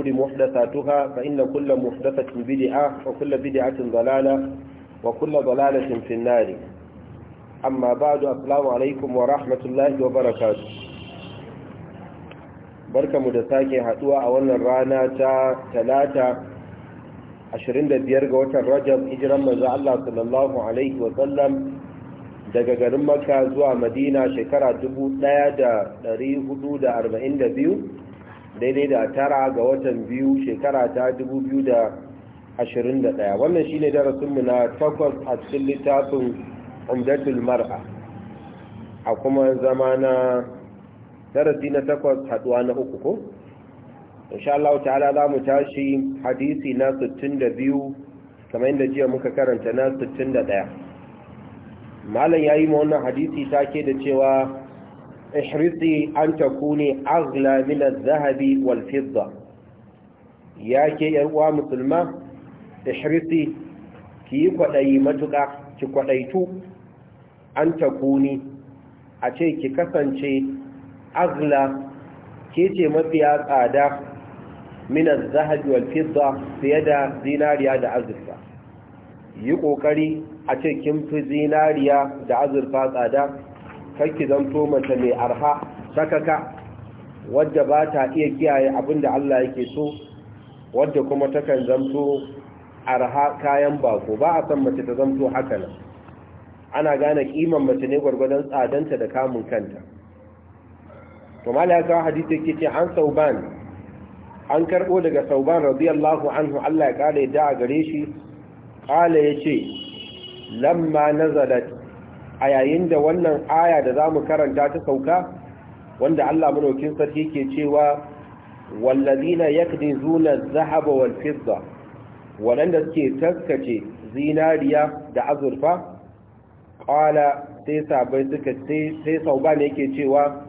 الأمور محدثاتها فإن كل محدثة بدعة وكل بدعة ضلالة وكل ضلالة في النار أما بعد السلام عليكم ورحمة الله وبركاته بركة مدساكي هتوى أولا رانا تا تلاتة عشرين دبير قوة الرجب إجرى مزع الله صلى الله عليه وسلم daga garin maka zuwa madina shekara 1442 daidai da tara ga watan biyu shekara ta 2021 wannan shine darasinmu na takwas a cikin littafin umdatul mar'a a kuma zama na darasi na takwas haduwa na uku ko insha Allah ta'ala za mu tashi hadisi na 62 kamar yadda jiya muka karanta na 61 malam yayi ma wannan hadisi take da cewa ihrisi an takuni aghla min adh Zahabi wal fidda yake yar uwa musulma ihrisi ki kwadayi matuka ki kwadaitu an takuni a ce ki kasance Agla ke ce mafiya tsada min adh-dhahabi wal fidda fiye da zinariya da azurfa yi kokari a ce kin fi zinariya da azurfa tsada kakki zanto mace mai arha sakaka wadda ba ta iya kiyaye abin da Allah yake so wadda kuma takan zanto arha kayan bako ba a san mace ta zanto haka nan ana gane kiman mace ne gwargwadon tsadanta da kamun kanta to mala ya kawo hadisi yake ce an sauban an karbo daga sauban radiyallahu anhu Allah ya kare da a gare shi kala ce lamma nazalat a yayin da wannan aya da za mu karanta ta sauka wanda Allah manaukin sarki ke cewa wallazina yakdizuna zahaba wal-fidda waɗanda suke taskace zinariya da azurfa qala sai sabai suka sai sauka ne yake cewa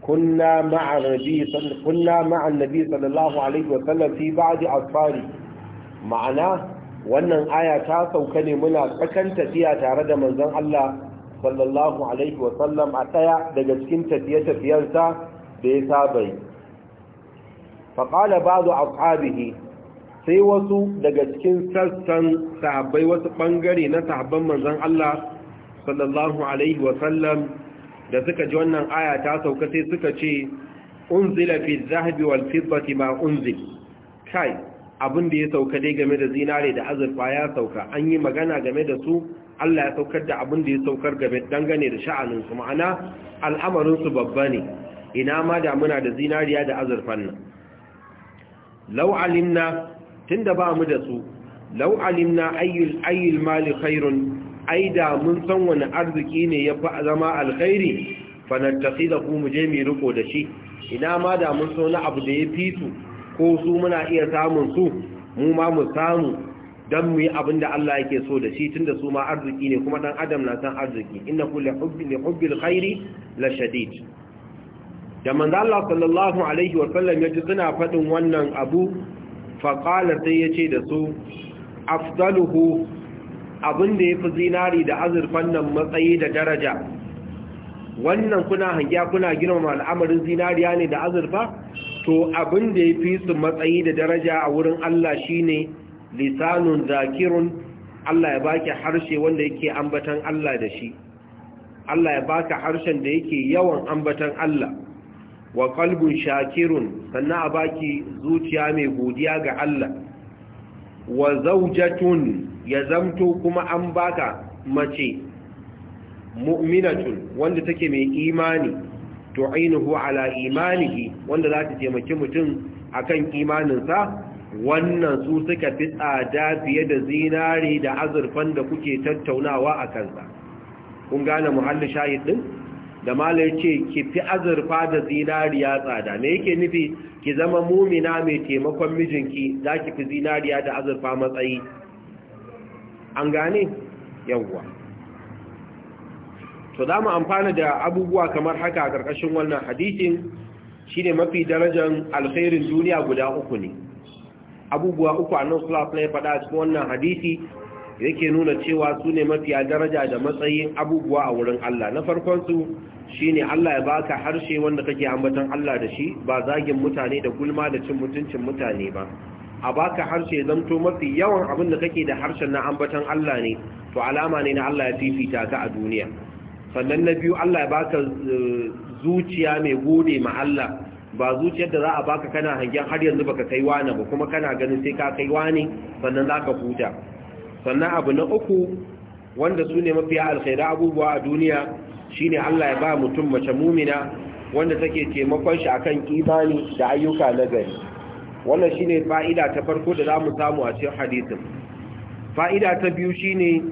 kunna ma'a nabi kunna ma'a nabi sallallahu alaihi wa sallam fi ba'di asfari ma'ana wannan aya ta sauka ne muna tsakan tafiya tare da manzon Allah sallallahu alaihi wasallam a ɗaya daga cikin tafiye-tafiyarsa da ya saba yi faƙala ba zu ashabihi sai wasu daga cikin sassan sahabbai wasu ɓangare na sahabban manzan Allah sallallahu alaihi wasallam da suka ji wannan aya ta sauka sai suka ce unzila fi zahabi wal fiddati ma unzil kai abin da ya sauka dai game da zinare da azurfa ya sauka an yi magana game da su Allah ya saukar da abin da ya saukar game dangane da sha'aninsu ma'ana al'amarinsu babba ne ina ma da muna da zinariya da azurfan nan law alimna tunda ba mu da su law alimna ayyul ayyul mali khairun ai mun san wani arziki ne ya fi zama alkhairi fa nattakhidahu mu je riko da shi ina ma da mun so na abu da ya fitu ko su muna iya samun su mu ma mu samu dan mu yi abin da Allah yake so da shi tunda su ma arziki ne kuma dan adam na san arziki inna kulli hubbi li hubbil khairi la shadid da manzo Allah sallallahu alaihi wa sallam suna fadin wannan abu fa qala sai yace da su afdaluhu abin da yafi zinari da azurfan nan matsayi da daraja wannan kuna hangiya kuna girmama al'amarin zinariya ne da azurfa to abin da yafi su matsayi da daraja a wurin Allah shine lisanun zakirun Allah ya baki harshe wanda yake ambatan Allah da shi Allah ya baka harshen da yake yawan ambatan Allah wa qalbun shakirun sannan a baki zuciya mai godiya ga Allah wa zawjatun ya zamto kuma an baka mace mu'minatun wanda take mai imani tu'inuhu ala imanihi wanda za ta taimaki mutum akan imaninsa wannan su suka fi tsada fiye da zinari da azurfan da kuke tattaunawa a kansa kun gane muhalli shahid din da malar ce ki fi azurfa da zinariya tsada me yake nufi ki zama mumina mai taimakon mijinki za ki fi zinariya da azurfa matsayi an gane yawwa to za mu amfana da abubuwa kamar haka a ƙarƙashin wannan hadisin ne mafi darajar alkhairin duniya guda uku ne abubuwa uku annabi sallallahu alaihi ya faɗa cikin wannan hadisi yake nuna cewa su ne mafiya daraja da matsayin abubuwa a wurin Allah na farkon su shine Allah ya baka harshe wanda kake ambaton Allah da shi ba zagin mutane da gulma da cin mutuncin mutane ba a baka harshe zamto mafi yawan abin da kake da harshen na ambatan Allah ne to alama ne na Allah ya fifita ka a duniya sannan na biyu Allah ya baka eh, zuciya mai gode ma Allah ba zuciyar da za a baka kana hangen har yanzu baka kai wani ba kuma kana ganin sai ka kai wani sannan za ka huta sannan abu na uku wanda su ne mafiya alkhaira abubuwa a duniya shine Allah ya ba mutum mace mumina wanda take taimakon shi akan imani da ayyuka na gari wannan shine fa'ida ta farko da za mu samu a cikin hadisin fa'ida ta biyu shine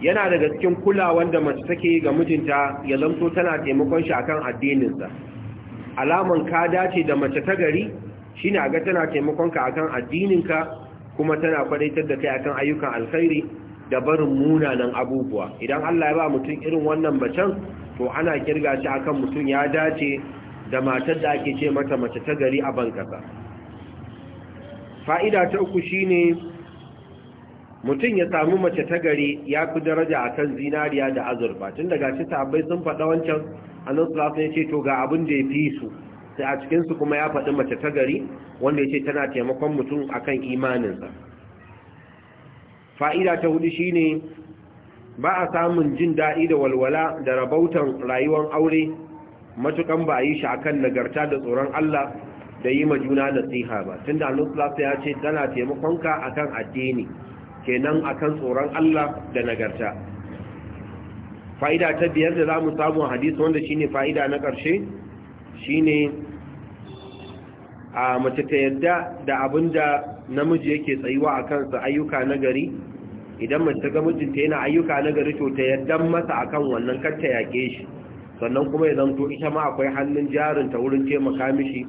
yana daga cikin kulawan wanda mace take ga mijinta ya zamto tana taimakon shi akan addininsa alaman ka dace da mace ta gari shi ne a ga tana taimakonka a kan addininka kuma tana kwadaitar da kai a kan ayyukan alkhairi da barin munanan abubuwa idan Allah ya ba mutum irin wannan macen to ana kirga shi a kan mutum ya dace da matar da ake ce mata mace ta gari a bankasa fa'ida ta uku shi ne mutum ya samu mace ta gari ya fi daraja akan zinariya da azurfa tun daga shi sahabbai sun faɗa wancan annabi ya ce to ga abin da ya fi su sai a cikinsu kuma ya faɗi mace ta gari wanda ya ce tana taimakon mutum akan imaninsa fa'ida ta hudu shine ba a samun jin daɗi da walwala da rabautan rayuwar aure matukan ba a yi shi akan nagarta da tsoron Allah da yi ma juna nasiha ba tunda annabi ya ce tana taimakonka akan addini kenan akan tsoron Allah da nagarta fa'ida ta biyar da za mu samu a hadisi wanda ne fa'ida na ƙarshe shine a mace ta yadda da abin da namiji yake tsayuwa a kansa ayyuka na gari idan mace ga mijinta yana ayyuka na gari to ta yadda masa a kan wannan kar ta yaƙe shi sannan kuma ya zanto ita ma akwai hannun jarinta wurin taimaka mishi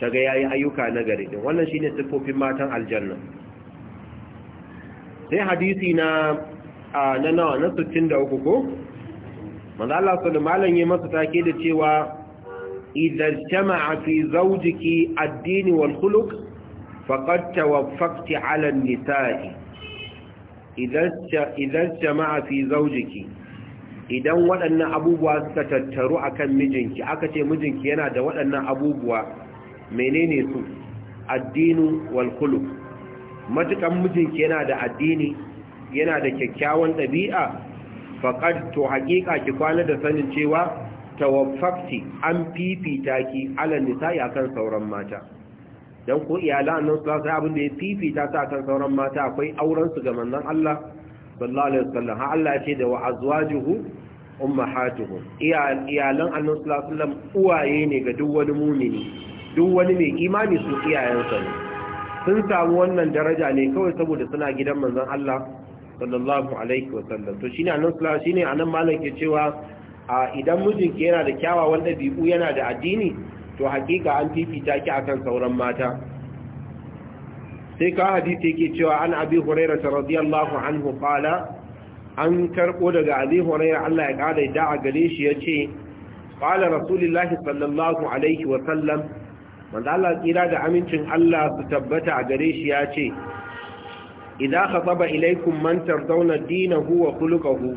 ta ga yayi ayyuka na gari din wannan ne siffofin matan aljanna sai hadisi na na nawa na 63 ko manzo Allah sallallahu alaihi masa take da cewa idan jama'a fi zawjiki ad-din wal khuluq faqad tawaffaqti 'ala an-nisa'i idan jama'a fi zawjiki idan waɗannan abubuwa suka tattaru akan mijinki aka ce mijinki yana da waɗannan abubuwa menene su addinu wal khuluq matukan mijinki yana da addini yana da kyakkyawan ɗabi'a Faƙar to haƙiƙa ki kwana da sanin cewa tawaffaqti an fifita ki ala nisa'i akan sauran mata Don ko iyalan nan su sai abin da ya fifita ta akan sauran mata akwai auren su ga mannan Allah sallallahu alaihi wasallam ha Allah ce da wa azwajuhu ummahatuhum iyalan annabi sallallahu alaihi wasallam uwaye ne ga duk wani mumini duk wani mai imani su iyayensa ne sun samu wannan daraja ne kawai saboda suna gidan manzon Allah sallallahu alaihi wasallam to shine annan sallallahu shine annan malam ke cewa idan mijinki yana da kyawawan dabi'u yana da addini to hakika an fifita ki akan sauran mata sai ka hadisi yake cewa an abi hurairah radiyallahu anhu qala an karbo daga abi hurairah Allah ya kada da a gare shi yace qala rasulullahi sallallahu alaihi wasallam manzo Allah tsira da amincin Allah su tabbata a gare shi yace idza khataba ilaykum man tardawna dinahu wa khuluquhu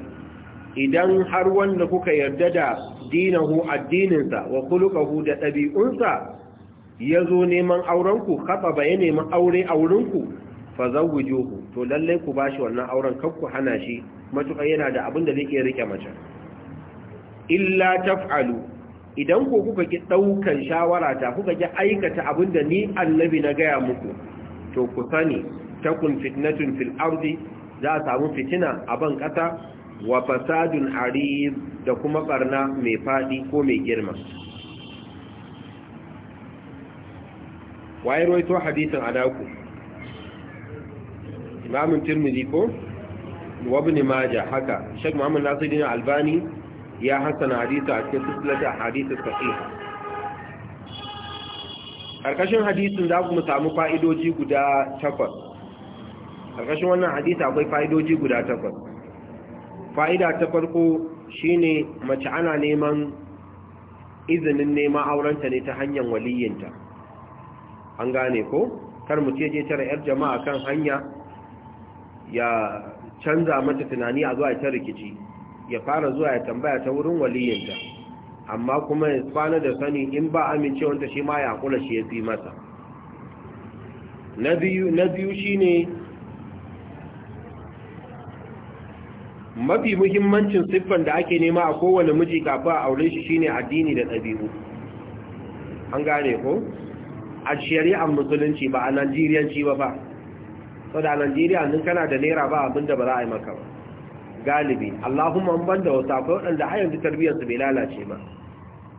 idan har wanda kuka yarda da dina dinahu addininsa wa khuluquhu da ya zo neman aurenku khataba ya neman aure ku fazawwijuhu to lallai ku bashi wannan auren kanku hana shi matuƙa yana da abin da zai iya rike mace illa taf'alu idan ko kuka ki daukan shawara ta kuka ki aikata abin da ni annabi na gaya muku to ku sani takun fitnatun fil ardi za a samu fitina a ban kasa wa fasadun ari da kuma barna mai fadi ko mai girma waye roito hadisin adaku imamun tirmidhi ko wa ibn majah haka shaykh muhammad nasiruddin albani ya hasana hadisa a cikin silsilata hadisi sahiha karkashin hadisin za ku samu fa'idoji guda takwas ƙarƙashin wannan hadisa akwai fa'idoji guda takwas fa'ida ta farko shi ne mace ana neman izinin neman aurenta ne ta hanyar waliyinta an gane ko kar mu ce je tara yar jama'a kan hanya ya canza mata tunani a zuwa ta rikici ya fara zuwa ya tambaya ta wurin waliyinta amma kuma ya kwana da sani in ba amincewanta shi ma ya kula shi ya fi masa na biyu shi ne. mafi muhimmancin siffan da ake nema a kowane miji kafa a aure shi shine addini da ɗabi'u an gane ko a shari'ar musulunci ba a najeriyanci ba ba sau da a najeriya nun kana da naira ba abinda ba za a yi maka ba galibi allahumma an banda wasu akwai waɗanda har yanzu tarbiyyarsu bai lalace ba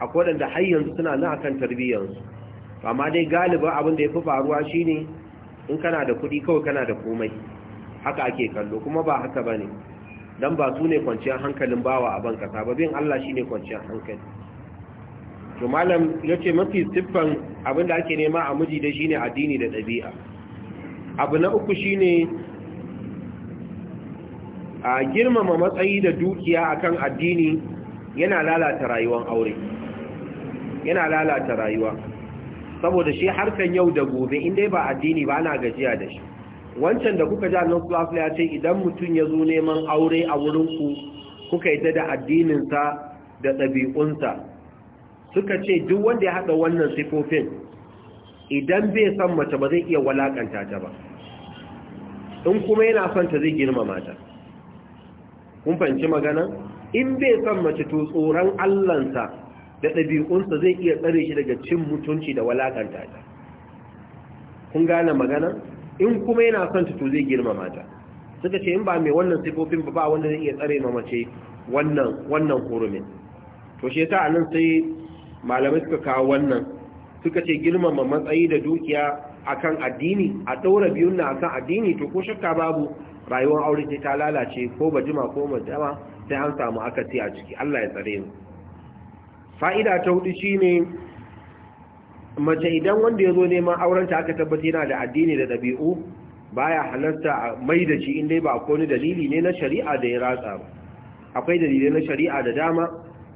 akwai waɗanda har yanzu suna nan akan tarbiyyarsu amma dai galibin abin da ya fi faruwa shine in kana da kuɗi kawai kana da komai haka ake kallo kuma ba haka ba ne dan ba su ne kwanciyar hankalin bawa a bankasa ba bin Allah shi ne kwanciyar hankali to malam ya ce mafi siffan abinda ake nema a miji da shi ne addini da ɗabi'a. abu na uku shi ne a girmama matsayi da dukiya a kan addini yana lalata rayuwar aure yana lalata rayuwa saboda shi harkan yau da gobe inda ba addini ba ana gajiya da shi wancan da kuka ja nan sulafila ya ce idan mutum ya zo neman aure a wurinku kuka yi da addininsa da ɗabi'unsa suka ce duk wanda ya haɗa wannan sifofin idan bai san mace ba zai iya walakanta ta ba in kuma yana son ta zai girma mata kun fanci magana in bai san mace to tsoron allansa da ɗabi'unsa zai iya tsare shi daga cin mutunci da walakanta ta kun gane magana in kuma yana son ta to zai girmama ta suka ce in ba mai wannan sifofin ba ba wanda zai iya tsare ma mace wannan wannan hurumin to shi yasa anan sai malamai suka kawo wannan suka ce girmama matsayi da dukiya akan addini a daura biyun na akan addini to ko shakka babu rayuwar aure sai ta lalace ko ba jima ko majama sai an samu akasi a ciki Allah ya tsare mu fa'ida ta hudu shine mace idan wanda ya zo neman aurenta aka tabbata yana da addini da ɗabi'u baya halarta a mai da shi inda ba akwai wani dalili ne na shari'a da ya ratsa ba akwai dalilai na shari'a da dama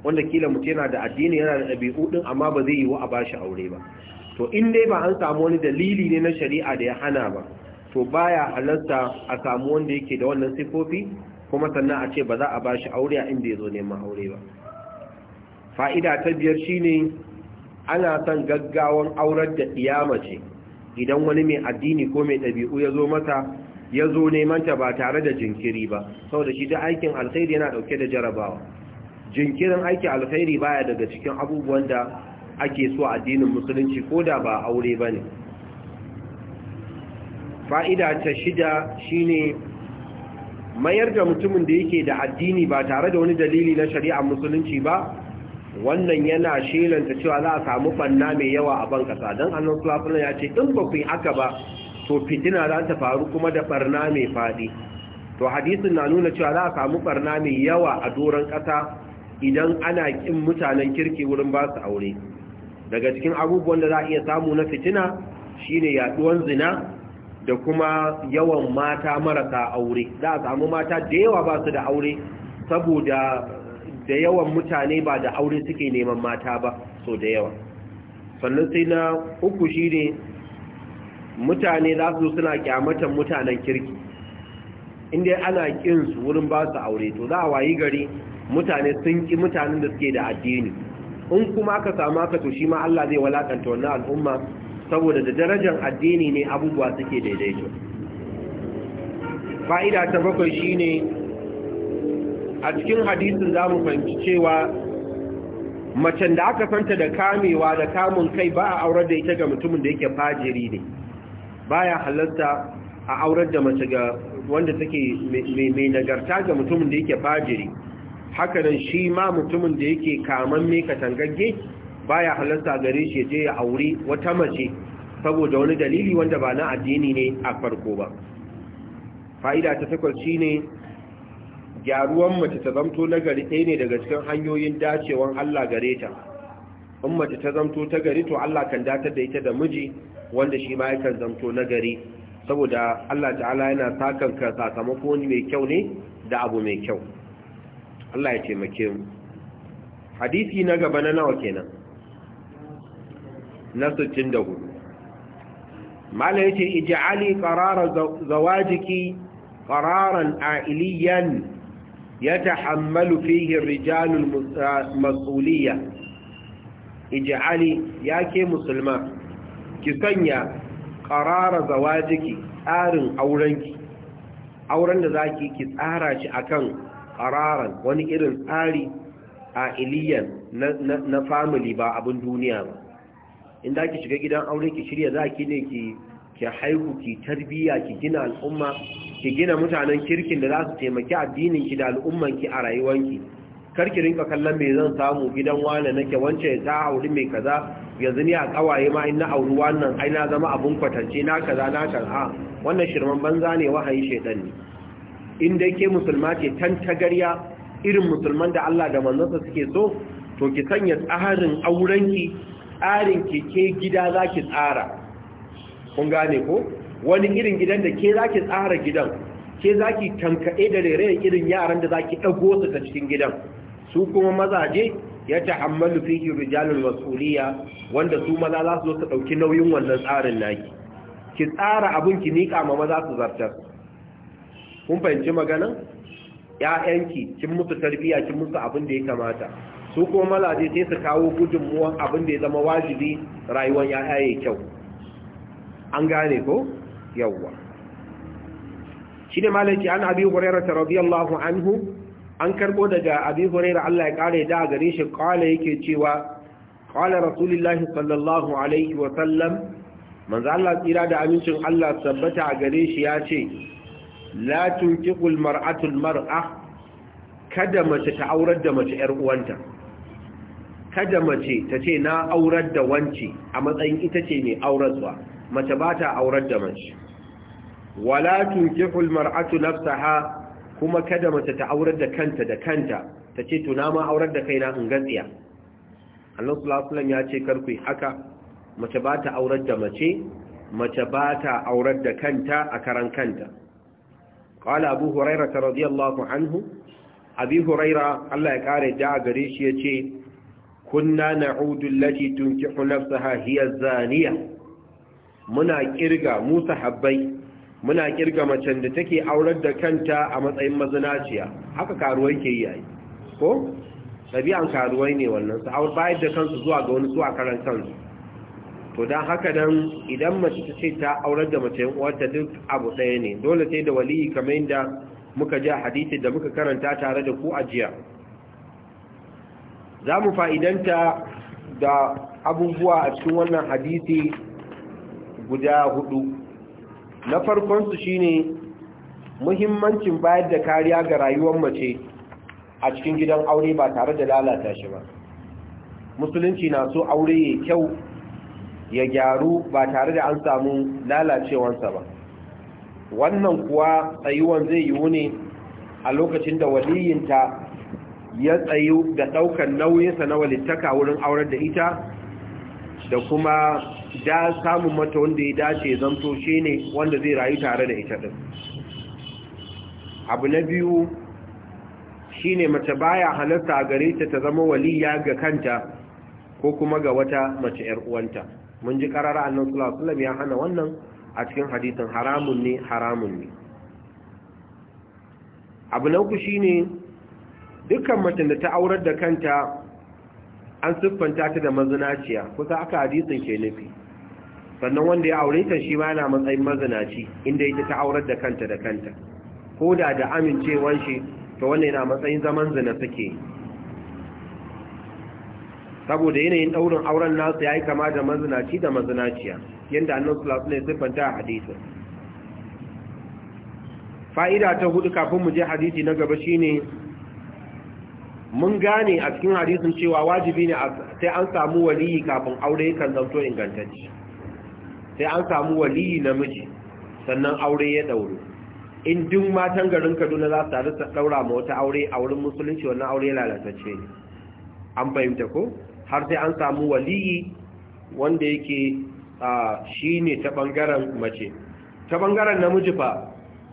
wanda kila mutum yana da addini yana da ɗabi'u ɗin amma ba zai yi wa a bashi aure ba to in dai ba an samu wani dalili ne na shari'a da ya hana ba to baya halarta a samu wanda yake da wannan sifofi kuma sannan a ce ba za a bashi aure a inda ya zo neman aure ba fa'ida ta biyar shine ana son gaggawan aurar da iyama ce idan wani mai addini ko mai ɗabi'u ya zo mata ya zo nemanta ba tare da jinkiri ba saboda shi da aikin alkhairi yana ɗauke da jarabawa jinkirin aikin alkhairi baya daga cikin abubuwan da ake so addinin musulunci ko da ba aure ba ne fa'ida ta shida shi ne mayar da mutumin da yake da addini ba tare da wani dalili na shari'ar musulunci ba wannan yana shelanta cewa za a samu banna mai yawa a ban kasa don annan sulafin ya ce in ba ku yi haka ba to fitina za ta faru kuma da barna mai faɗi to hadisin na nuna cewa za a samu barna mai yawa a doron ƙasa idan ana kin mutanen kirki wurin ba su aure daga cikin abubuwan da za a iya samu na fitina shine yaduwan zina da kuma yawan mata marasa aure za a samu mata da yawa ba su da aure saboda da yawan mutane ba da aure suke neman mata ba so da yawa sannan sai na uku shi ne mutane za su suna kyamatan mutanen kirki inda ana ƙinsu wurin ba su aure to za a wayi gari mutane sun ƙi mutanen da suke da addini in kuma ka samu aka to shi ma Allah zai walakanta wannan al'umma saboda da darajar addini ne abubuwa suke daidaito fa'ida ta bakwai shine a cikin hadisin za mu fahimci cewa macen da aka santa da kamewa da kamun kai ba a aurar da ita ga mutumin da yake fajiri ne baya halarta a aurar da mace ga wanda take mai nagarta ga mutumin da yake fajiri Haka nan shi ma mutumin da yake kaman mai katangagge baya halarta gare shi je ya aure wata mace saboda wani dalili wanda ba na addini ne a farko ba fa'ida ta takwas shine gyaruwan mace ta zamto na gari ɗaya ne daga cikin hanyoyin dacewan Allah gare ta in mace ta zamto ta gari to Allah kan datar da ita da miji wanda shi ma yakan zamto na gari saboda Allah ta'ala yana sakan ka sakamako mai kyau ne da abu mai kyau Allah ya taimake mu hadisi na gaba na nawa kenan na 64 mala yace ij'ali qarara zawajiki qararan a'iliyan ya ta hammalu fihin rijalun matsuliya ijali ya ke musulma ki sanya karara zawajiki tsarin aurenki auren da za ki tsara shi akan ƙararan wani irin tsari a iliyan na family ba abin duniya ba inda ki shiga gidan ki shirya za ki ne ki haihu ki tarbiya ki gina al'umma ki gina mutanen kirkin da za su taimaki addininki da al'ummanki a rayuwanki ki rinka kallon me zan samu gidan wane nake wance ta auri mai kaza yanzu ni a kawaye ma in na auri wannan ai na zama abun kwatance na kaza na kaza wannan shirman banza ne wahayi shaitan ne in dai ke musulma ce tan tagarya irin musulman da Allah da manzonsa suke so to ki sanya tsarin aurenki tsarin ki ke gida zaki tsara kun gane ko wani irin gidan da ke zaki tsara gidan ke zaki ki tankaɗe da rere irin yaran da zaki ki ɗago su ta cikin gidan su kuma mazaje ya ta hammalu fiki rijalul masuliya wanda su maza za su zo su ɗauki nauyin wannan tsarin naki ki tsara abin ki nika ma maza su zartar kun fahimci magana ƴaƴanki kin musu tarbiyya kin musu abin da ya kamata su kuma mazaje sai su kawo gudunmuwan abin da ya zama wajibi rayuwar 'ya'ya ya kyau an gane ko yawwa shine malaki an abi hurairah radiyallahu anhu an karbo daga abi hurairah Allah ya kare da gare shi kala yake cewa qala rasulullahi sallallahu alaihi wa sallam manzo Allah tsira da amincin Allah tabbata a gare shi ya ce la tunkiqul mar'atu mar'a kada mace ta aurar da mace ‘yar uwanta, kada mace ta ce na aurar da wance a matsayin ita ce mai aurarwa, mace ba ta aurar da mace wala tunkihul mar'atu nafsaha kuma kada mace ta aurar da kanta da kanta ta ce to na ma aurar da kaina in ga Allah sallallahu alaihi ya ce kar ku haka mace ba ta aurar da mace mace ba ta aurar da kanta a karan kanta qala abu hurairah radiyallahu anhu abi huraira Allah ya kare da gare shi yace kunna na'udu allati tunkihu nafsaha hiya zaniya muna kirga mu sahabbai muna kirga macen da take aurar da kanta a matsayin mazinaciya haka karuwai ke yi ai ko ɗabi'an karuwai ne wannan su aur bayar da kansu zuwa ga wani zuwa karan kansu to don haka nan idan mace ta ce ta aurar da mace uwarta duk abu ɗaya ne dole sai da wali kamar yadda muka ji a hadisi da muka karanta tare da ku a jiya za mu fa'idanta da abubuwa a cikin wannan hadisi guda hudu na farkonsu shine muhimmancin bayar da kariya ga rayuwar mace a cikin gidan aure ba tare da lalata shi ba musulunci na so aure ya kyau ya gyaru ba tare da an samu lalacewansa ba wannan kuwa tsayuwan zai yiwu ne a lokacin da waliyinta ya tsayu da ɗaukar nauyinsa na walittaka wurin aurar da ita da kuma da samun mata wanda ya dace zanto shi ne wanda zai rayu tare da ita ɗin abu na biyu shi ne mace baya halarta a gare ta ta zama waliya ga kanta ko kuma ga wata mace 'yar uwanta mun ji karara annan sulasulam ya hana wannan a cikin hadisin haramun ne haramun ne abu na uku shi ne dukkan mace da ta aurar da kanta an siffanta ta da mazinaciya kusa aka hadisin ke nufi sannan wanda ya aure ta shi ma yana matsayin mazinaci inda yake ta aurar da kanta da kanta ko da da amincewar shi to wanda yana matsayin zaman zina suke saboda yanayin daurin auren nasu ya yi kama da mazinaci da mazinaciya yadda annan sulasu ne siffanta a hadisin fa'ida ta hudu kafin mu je hadisi na gaba shine mun gane a cikin hadisin cewa wajibi ne sai an samu waliyi kafin aure kan zanto ingantacci sai an samu waliyi namiji sannan aure ya dauro in duk matan garin kaduna za su taru su daura ma wata aure a wurin musulunci wannan aure ya lalatacce ne an fahimta ko har sai an samu waliyi wanda yake shi ne ta bangaren mace ta bangaren namiji fa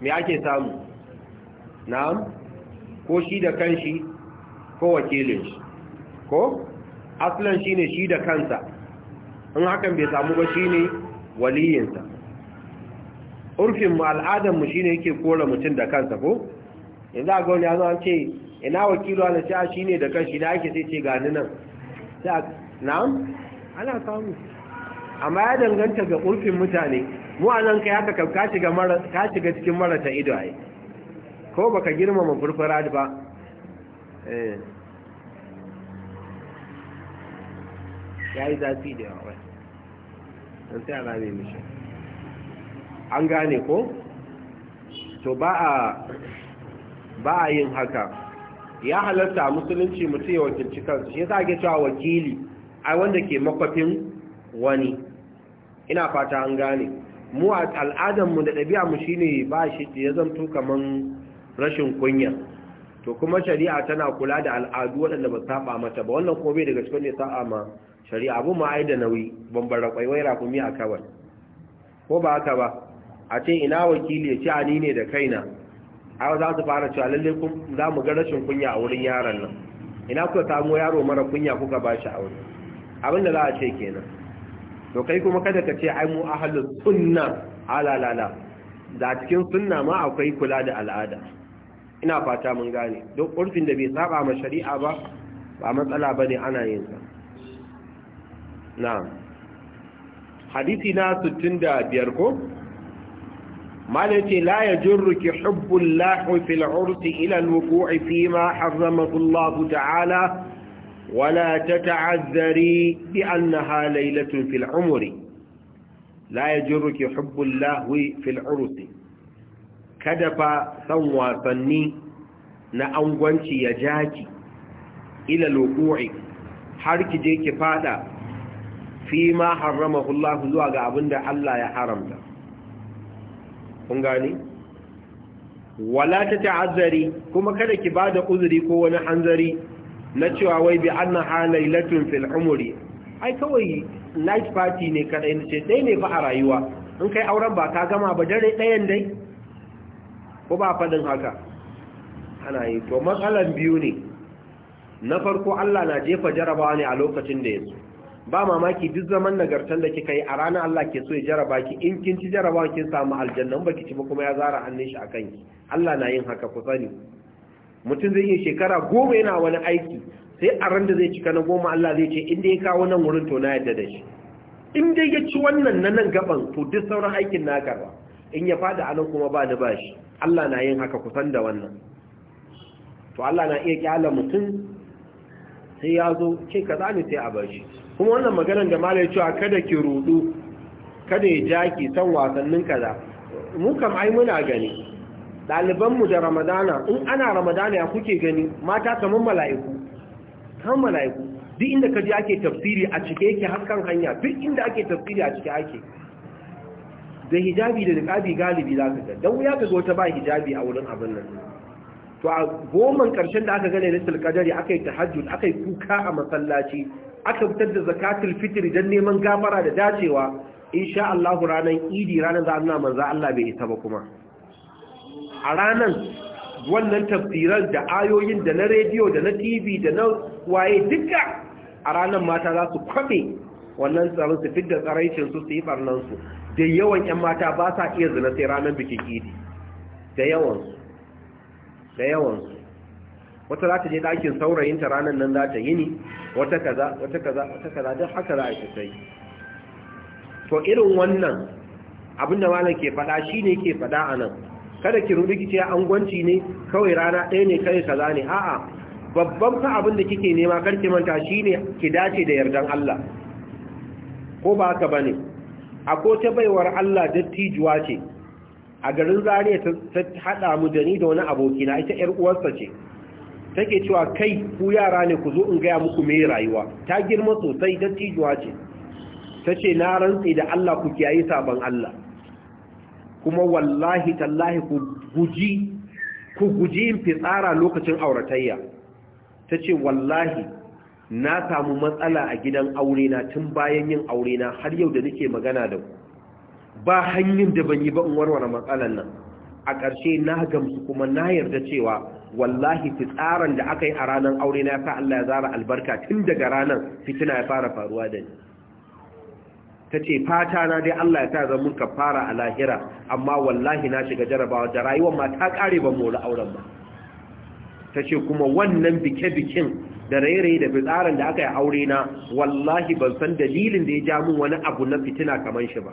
me ake samu na'am ko shi da kanshi ko wakilin shi ko aslan ne shi da kansa in hakan bai samu ba ne waliyinsa urfin mu al'adar shi ne yake kora mutum da kansa ko yanzu a gauni yanzu an ce ina wakilu ana ce ah, ne da kanshi da ake sai ce gani nan sai na'am ana samu amma ya danganta ga urfin mutane mu a nan kai haka ka shiga cikin marata ta Ko ba ko baka girmama furfura ba Eh. ya yi zafi da yawa don sai ala ne mishi an gane ko to ba a yin haka ya halatta musulunci mutu ya wakilci kansu shi yasa ake cewa wakili ai wanda ke makwafin wani ina fata an gane mu a al'adarmu da ɗabi'a mu shine ba shi ya zamto kamar rashin kunya to kuma shari'a tana kula da al'adu waɗanda ba saba mata ba wannan kuma bai daga cikin ne sa'a ma shari'a abu ma ai da nauyi bambara wai rakumi a kawai ko ba haka ba a ce ina wakili ya ce a ni ne da kaina ai za su fara cewa lalle kun za mu ga rashin kunya a wurin yaron nan ina kuka samu yaro mara kunya kuka ba shi aure abin da za a ce kenan to kai kuma kada ka ce ai mu ahlus sunna ala la la da cikin sunna ma akwai kula da al'ada ina fata mun gane duk urfin da bai saba ma shari'a ba ba matsala bane ana yin sa na'am hadisi na 65 ko malace la yajurruki hubbul lahu fil ursi ila al-wuqu'i fima harramahu Allah ta'ala ولا Laylatun fil ليلة La ya لا يجرك حب الله fil العرس kada fa san wasanni na angwanci ya jaki ila loku'i har ki je ki fada fi ma haramahu Allah zuwa ga abinda Allah ya haramta kun gani wala ta ta'azzari kuma kada ki bada uzuri ko wani hanzari na cewa wai bi anna halailatun fil umri ai kawai night party ne kadai ne ce dai ne fa a rayuwa in kai auren ba ka gama ba dare dayan dai ko ba faɗin haka ana yi to matsalan biyu ne na farko Allah na jefa jarabawa ne a lokacin da ya ba mamaki duk zaman nagartar da kika yi a ranar Allah ke so ya jaraba ki in kin ci jarabawa kin samu aljanna ba ki ci ba kuma ya zara hannun shi akan ki Allah na yin haka ku sani mutum zai yi shekara goma yana wani aiki sai a ran da zai cika na goma Allah zai ce inda ya kawo nan wurin to na yadda da shi in dai ya ci wannan na nan gaban to duk sauran aikin na karba in ya fada anan kuma ba ba bashi Allah na yin haka kusan da wannan to Allah na iya kyala mutum sai ya zo ce ka zane sai a bashi kuma wannan maganar da malai cewa kada ki rudu kada ya jaki san wasannin kaza mu kam ai muna gani mu da ramadana in ana ramadana ya kuke gani mata kamar mala'iku kan mala'iku duk inda ka je ake tafsiri a cike yake haskan hanya duk inda ake tafsiri a cike ake da hijabi da niqabi galibi za ka ga dan wuya ka ga wata ba hijabi a wurin abin nan to a goman karshen da aka gane lailatul qadari aka yi tahajjud aka kuka a masallaci aka fitar da zakatul fitr dan neman gafara da dacewa insha Allah ranan idi ranan za Allah manzo Allah bai ita ba kuma a ranan wannan tafsirar da ayoyin da na rediyo da na tv da na waye duka a ranan mata za su kwabe wannan tsaron su fidda tsaraicin su su yi barnan su da yawan yan mata ba sa iya zina sai ranar bikin idi da yawan su da yawan su wata za ta je ɗakin saurayinta ranar nan za ta yi ni wata kaza wata kaza wata kaza duk haka za a yi sai to irin wannan abin da malam ke faɗa ne ke faɗa a nan kada ki rubuki ce angwanci ne kawai rana ɗaya ne kai kaza ne a'a babban fa abin da kike nema karki manta shine ki dace da yardan Allah ko ba haka bane ko ta baiwar Allah dattijuwa ce a garin zariya ta haɗa mu da ni da wani abokina ita yar uwarsa ce take cewa kai ku yara ne ku zo in gaya muku mai rayuwa ta girma sosai dattijuwa ce tace na rantsi da Allah ku kiyaye saban Allah kuma wallahi tallahi ku guji ku guji yin fitsara lokacin auratayya tace wallahi na samu matsala a gidan aure na tun bayan yin aure na har yau da nake magana da ku ba hanyar da ban yi ba in warware matsalan nan a ƙarshe na gamsu kuma na yarda cewa wallahi fitsaran da aka yi a ranar aure na sa Allah ya zara albarka tun daga ranar fitina ya fara faruwa da ni ta ce fata na dai Allah ya sa zamun fara a lahira amma wallahi na shiga jarabawa da rayuwar ma ta ƙare ban mori auren ba ta ce kuma wannan bike-bikin da rairayi da fitsarin da aka yi aure na wallahi ban san dalilin da ya ja min wani abu na fitina kamar shi ba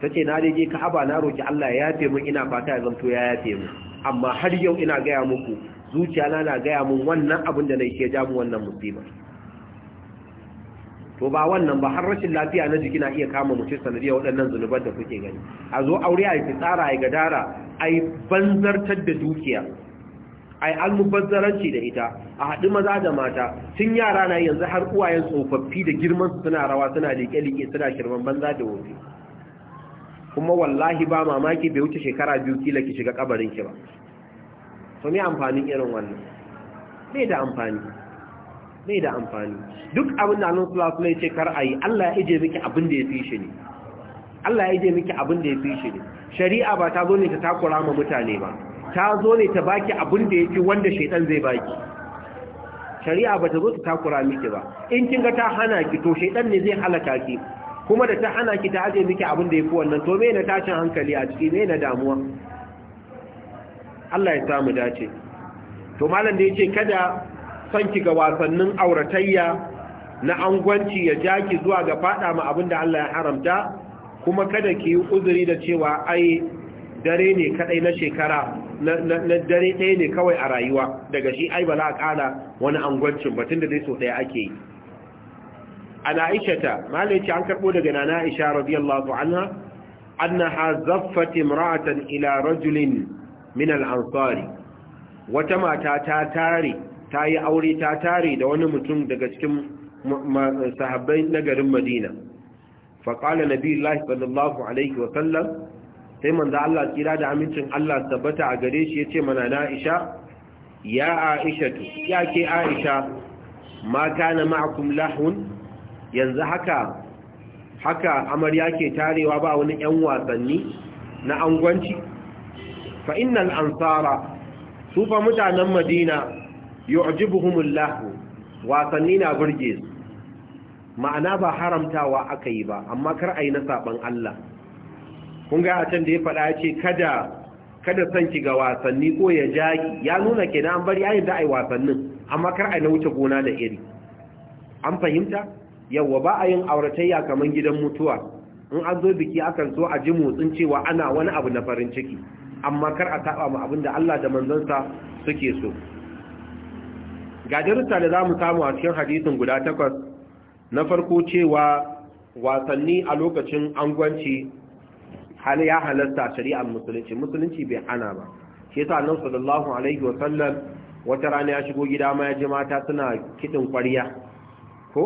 ta ce na daidai haba na roƙi Allah ya yafe min ina fata ya zamto ya yafe min amma har yau ina gaya muku zuciya na na gaya min wannan abin da na ke ja min wannan ba. to ba wannan ba har rashin lafiya na jiki na iya kama mutum sanadiyar waɗannan zunubar da kuke gani a zo aure a yi fitsara a yi gadara a yi banzartar da dukiya ai almubazzaranci da ita a haɗu maza da mata tun yara na yanzu har uwayen tsofaffi da girman su suna rawa suna leƙe-leƙe suna shirman banza da wofi kuma wallahi ba mamaki bai wuce shekara biyu kila ki shiga kabarin ki ba to me amfanin irin wannan me da amfani me da amfani duk abin da Allah sallallahu alaihi ce kar ayi Allah ya ije miki abin da ya fi shi ne Allah ya ije miki abin da ya fi shi ne shari'a ba ta zo ne ta takura ma mutane ba ta zo ne ta baki abin da yake wanda shaitan zai baki shari'a ba ta zo ta takura miki ba in kinga ta hana ki to shaitan ne zai halaka ki kuma da ta hana ki ta aje miki abin da yake wannan to me na tashin hankali a ciki me na damuwa Allah ya samu dace to malam da yake kada son ki ga wasannin auratayya na angwanci ya ja ki zuwa ga fada ma abin da Allah ya haramta kuma kada ki yi uzuri da cewa ai dare ne kadai na shekara na dare ɗaya ne kawai a rayuwa daga shi ai ba za a ƙara wani angwanci batun da dai so ɗaya ake yi an aishata malai ce an karɓo daga nana aisha radiyallahu anha annaha zaffat imra'atan ila rajulin min al-ansari wata mata ta tare ta yi aure ta tare da wani mutum daga cikin sahabbai na garin Madina faqala nabiyullahi sallallahu alaihi wa sallam sai manzo Allah tsira da amincin Allah tabbata a gare shi yace mana na Aisha ya Aisha tu ya ke Aisha ma kana ma'akum lahun yanzu haka haka amarya ke tarewa ba wani yan wasanni na angwanci fa innal ansara su fa mutanen Madina yu'jibuhumul lahu wasanni na burge ma'ana ba haramtawa aka yi ba amma kar ayi na saban Allah kun ga a can da ya faɗa ce kada kada son ki ga wasanni ko ya jaki ya nuna kenan an bari ayin da ai wasannin amma kar ai na wuce gona da iri an fahimta yawa ba a yin auratayya kamar gidan mutuwa in an zo biki akan so a ji motsin cewa ana wani abu na farin ciki amma kar a taɓa mu abinda Allah da manzansa suke so ga darussa da zamu samu a cikin hadisin guda takwas na farko cewa wasanni a lokacin angwanci hali ya halarta shari'ar musulunci musulunci bai hana ba shi yasa annabi sallallahu alaihi wa sallam wata rana ya shigo gida ma ya ji mata suna kidin ƙwarya ko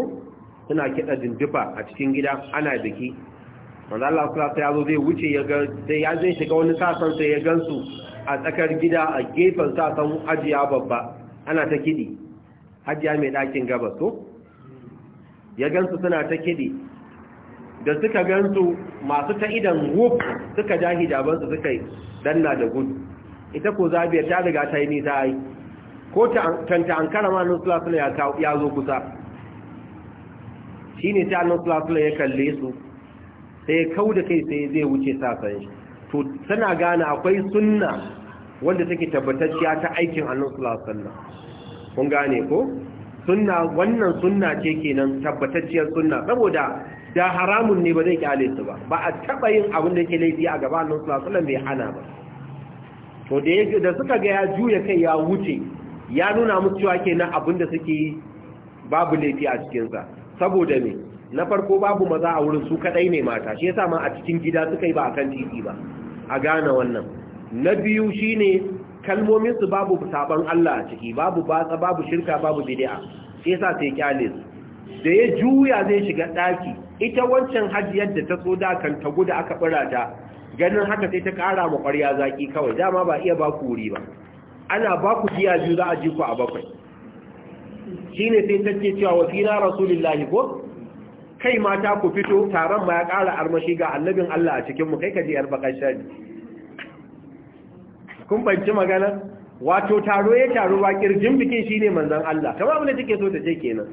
suna kida dindifa a cikin gida ana biki manzo Allah sallallahu alaihi ya zo zai wuce ya ga sai ya zai shiga wani sasan sai ya gansu a tsakar gida a gefen sasan ajiya babba ana ta kidi hajiya mai ɗakin gabas ko ya gansu suna ta kidi da suka gansu masu ta idan wuf suka ja hijabansu suka yi danna da gudu ita ko zabiya ta riga ta yi nisa yi ko canta an karama nusula suna ya zo kusa shi ne ta nusula ya kalle su sai kau da kai sai zai wuce sasan shi to tana gane akwai sunna wanda take tabbatacciya ta aikin annan kun gane ko sunna wannan sunna ce kenan tabbatacciyar sunna saboda da haramun ne ba zai kyale su ba ba a taba yin abin da yake laifi a gaba Allah sallallahu alaihi wasallam bai hana ba to da yake da suka ga ya juya kai ya wuce ya nuna musu cewa kenan abin da suke babu laifi a cikin sa saboda me na farko babu maza a wurin su kadai ne mata shi yasa ma a cikin gida suka yi ba akan titi ba a gane wannan na biyu shine kalmomin su babu sabon Allah a ciki babu batsa babu shirka babu bid'a shi yasa sai kyale su da ya juya zai shiga ɗaki ita wancan hajiyar da ta so da kan ta guda aka barata, ta ganin haka sai ta kara ma ƙwarya zaƙi kawai dama ba iya ba ku wuri ba ana ba ku biya biyu za a ji ku a bakwai shi ne sai ta ce cewa wasina rasulillahi ko kai mata ku fito taron ma ya ƙara armashi ga annabin Allah a cikinmu kai ka ji yar bakan shari kun banci magana wato taro ya taro ba kirjin bikin shine manzon Allah kamar abin da take so ta ce kenan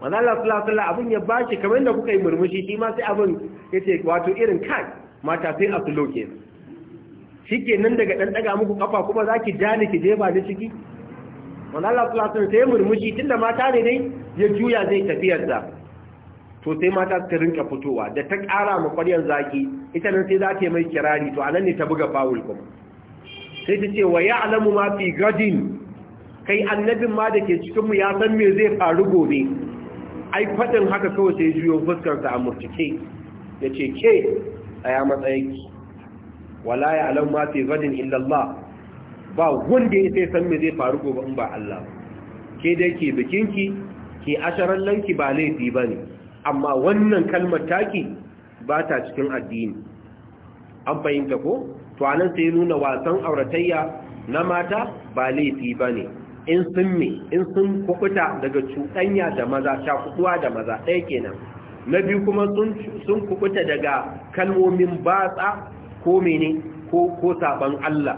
manzo Allah sallallahu abin ya bashi kamar yadda kuka yi murmushi shi ma sai abin yace wato irin kai mata sai a su loke. Shi ke nan daga dan daga muku kafa kuma zaki ja ni ki je ba da ciki manzo Allah sallallahu alaihi sai murmushi tunda mata ne dai ya juya zai tafiyar da. to sai mata ta rinka fitowa da ta ƙara ma ƙwaryar zaki ita nan sai za ta yi mai kirari to anan ne ta buga fawul kuma sai ta ce wa ya'lamu ma fi gadin kai annabin ma da ke cikinmu ya san me zai faru gobe ai faɗin haka kawai sai juyo fuskarsa a amurtike ya ce ke a ya matsayinki wala ya alam ma fi gadin illallah ba wanda ya sai san me zai faru gobe in ba Allah ke dai ke bikinki ke asharan lanki ba laifi bane amma wannan kalmar taki ba ta cikin addini an fahimta ko to anan sai nuna wasan auratayya na mata ba laifi bane in sun me in sun kukuta daga cuɗanya da maza shaku-kuwa da maza ɗaya kenan na biyu kuma sun kukuta daga kalmomin batsa ko mene ko ko saban Allah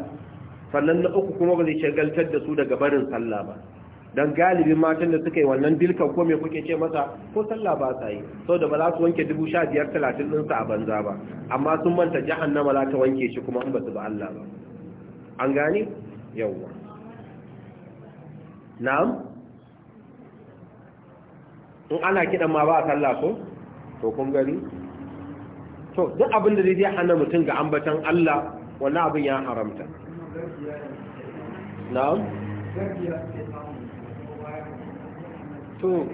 sannan na uku kuma ba zai shagaltar da su daga barin sallah ba don galibin matan da suka yi wannan dilkan ko mai kuke ce masa ko sallah ba sa yi sau da ba za su wanke dubu sha biyar talatin ɗinsa a banza ba amma sun manta na za ta wanke shi kuma in ba su ba Allah ba an gane yawwa na'am in ana kidan ma ba a sallah ko to kun gani to duk abin da zai hana mutum ga ambatan Allah wannan abin ya haramta na'am to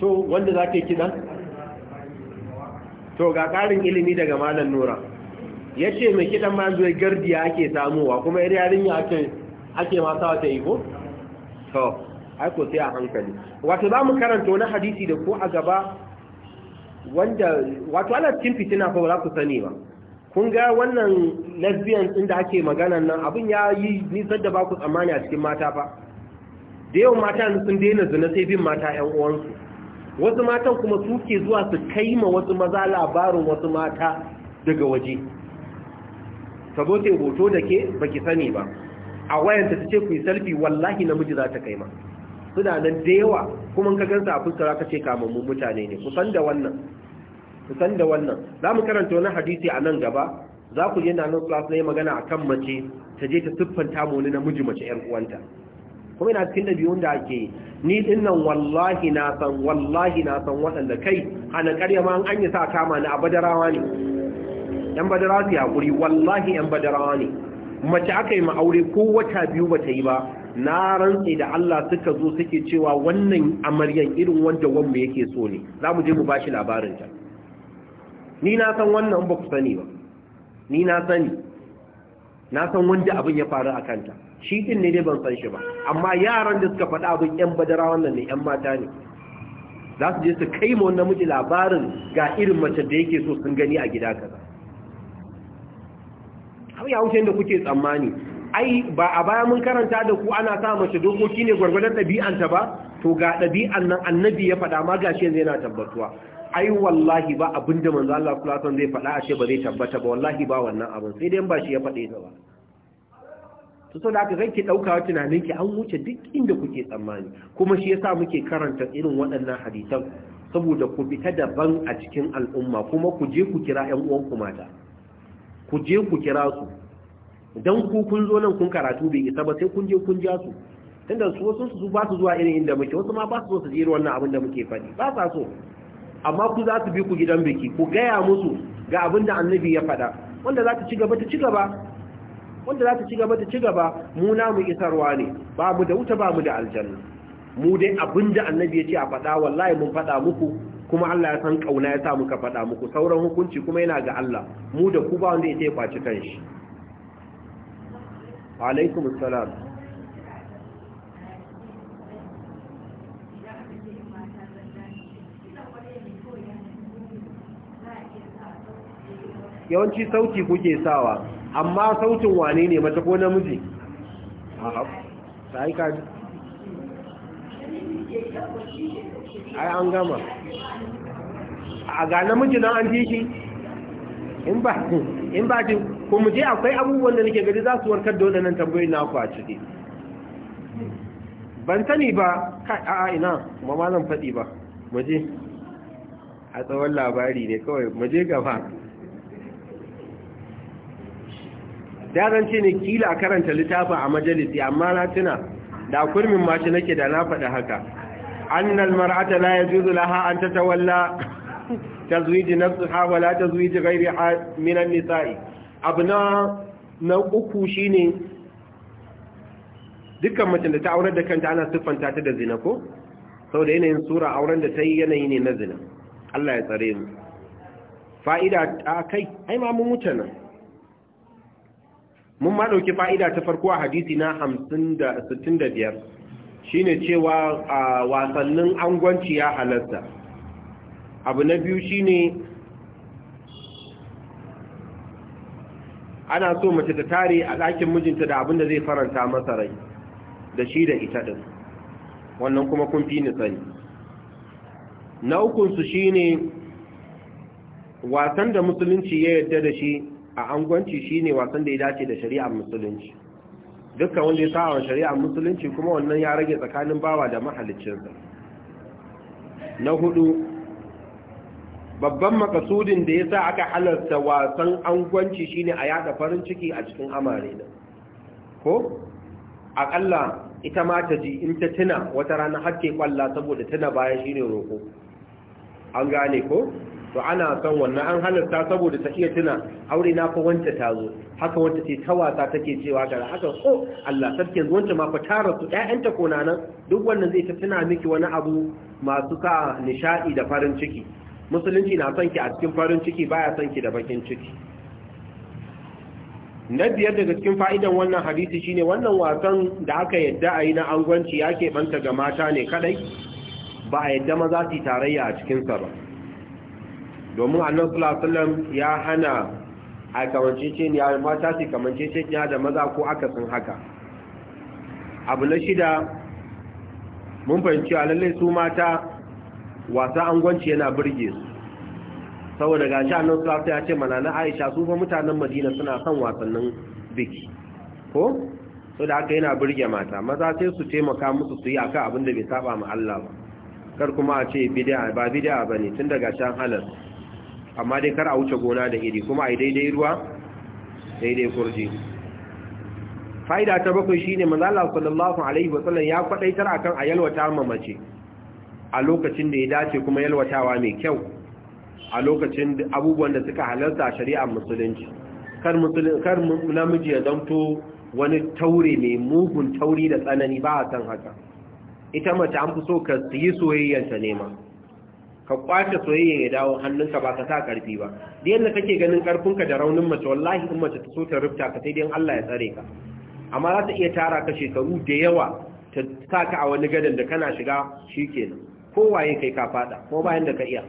to wanda yi kidan to ga karin ilimi daga malam nura yace mai kidan ma zai gardiya ake samuwa kuma yari yarinya ake ake ma ta iko to ai ko sai a hankali wato za mu karanta wani hadisi da ko a gaba wanda wato ana cikin fitina ko za ku sani ba kun ga wannan lesbian din da ake magana nan abin ya yi nisan da ba ku tsammani a cikin mata fa da yau mata sun daina zina sai bin mata ƴan uwansu wasu matan kuma suke zuwa su kai ma wasu maza labarin wasu mata daga waje saboda hoto da ke baki sani ba a wayanta ta ce ku yi salfi wallahi namiji za ta kai ma suna nan da yawa kuma ka gansa a fuskara ka ce kamammun mutane ne Ku da da wannan za mu karanta wani hadisi a nan gaba za ku yana nan class na yi magana a kan mace ta je ta siffanta mu wani namiji mace ‘yan uwanta kuma yana cikin ɗabi'un da ake ni din nan wallahi na san wallahi na san waɗanda kai hana karya ma an yi sa kama ni a badarawa ne ‘yan badarawa su haƙuri wallahi ‘yan badarawa ne mace aka yi ma'aure ko wata biyu ba ta yi ba na rantse da Allah suka zo suke cewa wannan amaryan irin wanda wanda yake so ne za mu je mu ba shi labarinta ni na san wannan ba ku sani ba ni na sani na san wanda abin ya faru a kanta shi din ne dai ban san shi ba amma yaran da suka faɗa abin yan badara wannan ne yan mata ne za su je su kai ma wannan miji labarin ga irin mace da yake so sun gani a gida kaza kar ya wuce da kuke tsammani ai ba a baya mun karanta da ku ana sa mace dokoki ne gwargwadon ta ba to ga ɗabi'an nan annabi ya faɗa ma gashi yanzu yana tabbatuwa ai wallahi ba abin da manzo Allah sallallahu zai faɗa a ce ba zai tabbata ba wallahi ba wannan abin sai dai ba shi ya faɗe ta ba to saboda haka kai ki dauka tunanin ki an wuce duk inda kuke tsammani kuma shi yasa muke karanta irin waɗannan hadisan saboda ku fita daban a cikin al'umma kuma ku je ku kira ƴan uwanku mata ku je ku kira su don ku kun zo nan kun karatu bai isa ba sai kun je kun ja su tunda su wasu su ba su zuwa irin inda muke wasu ma ba su so su je wannan abin da muke faɗi ba sa so amma ku za su bi ku gidan biki ku gaya musu ga abin da annabi ya faɗa wanda za ta ci gaba ta ci gaba wanda za ta ci gaba ta ci gaba mu na mu isarwa ne ba mu da wuta ba mu da aljanna mu dai abin da annabi ya ce a faɗa wallahi mun faɗa muku kuma Allah ya san kauna ya sa muka faɗa muku sauran hukunci kuma yana ga Allah mu da ku ba wanda ya ce kwaci kanshi alaikum assalam yawanci sauti kuke sawa amma sautin wane ne mace ko namiji A'a sai ka ai an gama a ga namiji na an ji in ba in ba ko mu je akwai abubuwan da nake gari za su warkar da wannan tambayoyin na ku a ciki ban sani ba kai a ina ma malam faɗi ba mu je a tsawon labari ne kawai mu je gaba daren ce ne kila karanta littafin a majalisi amma na tuna da kurmin mashi nake da na faɗi haka أن المرأة لا يجوز لها أن تتولى تزويج نفسها ولا تزويج غيرها من النساء أبناء نوقف شيني dukkan macen da ta aurar da kanta ana siffanta ta da zina ko saboda yanayin sura auren da ta yi yanayi ne na zina fa'ida a kai ai mun wuce nan mun ma dauki fa'ida ta farko a hadisi na 50 da 65 Shi ne cewa a wasannin angwanci ya halatta abu na biyu shi ne ana so mace ta tare a ɗakin mijinta da abin zai faranta masa rai da shi da ita ɗin wannan kuma kun fi ni na ukunsu shi ne wasan da musulunci ya yarda da shi a angwanci shi ne wasan da ya dace da shari'ar musulunci dukkan wanda ya sa shari'a musulunci kuma wannan ya rage tsakanin bawa da mahalicinsa na hudu babban makasudin da ya sa aka halarta wasan angwanci shine a yada farin ciki a cikin amare da ko akalla ita ma ta ji in ta tuna wata rana hakke kwalla saboda tuna baya shine roko an gane ko to ana san wannan an halarta saboda ta iya tuna aure na fa wanta ta zo haka wanta ce ta wasa take cewa ga haka ko Allah sarki yanzu wanta ma fa ta rasu ƴaƴanta ko nan duk wannan zai ta tuna miki wani abu masu ka nishadi da farin ciki musulunci na son ki a cikin farin ciki baya son ki da bakin ciki na biyar daga cikin fa'idan wannan hadisi shine wannan wasan da aka yadda a yi na angwanci ya keɓanta ga mata ne kadai ba a yadda maza su tarayya a cikinsa ba domin annan sulasulam ya hana a kamancece ne mata su kamancece ya da maza ko akasin haka abu na shida mun fahimci a lallai su mata wasa angwanci yana birge su saboda ga shi annan sulasa ya ce mana na aisha su fa mutanen madina suna son wasannin biki ko so da aka yana birge mata maza sai su taimaka musu su yi akan abin da bai saba ma Allah ba kar kuma a ce bid'a ba ne ne tun daga shan halal amma dai kar a wuce gona da iri kuma a yi daidai ruwa daidai kurji fa'ida ta bakwai shine manzo Allah sallallahu alaihi wasallam ya kwadaitar akan a yalwata mamace a lokacin da ya dace kuma yalwatawa mai kyau a lokacin abubuwan da suka halarta a shari'ar musulunci kar musulun kar namiji ya zanto wani taure mai mugun tauri da tsanani ba a san haka ita mace an fi so ka yi soyayyanta nema ka kwace soyayya ya dawo hannunka ba ka sa karfi ba da yadda kake ganin karfinka da raunin mace wallahi in mace ta so ta rufta ka sai dai Allah ya tsare ka amma za ta iya tara ka shekaru da yawa ta sa ka a wani gadon da kana shiga shikenan waye kai ka fada ko bayan da ka iya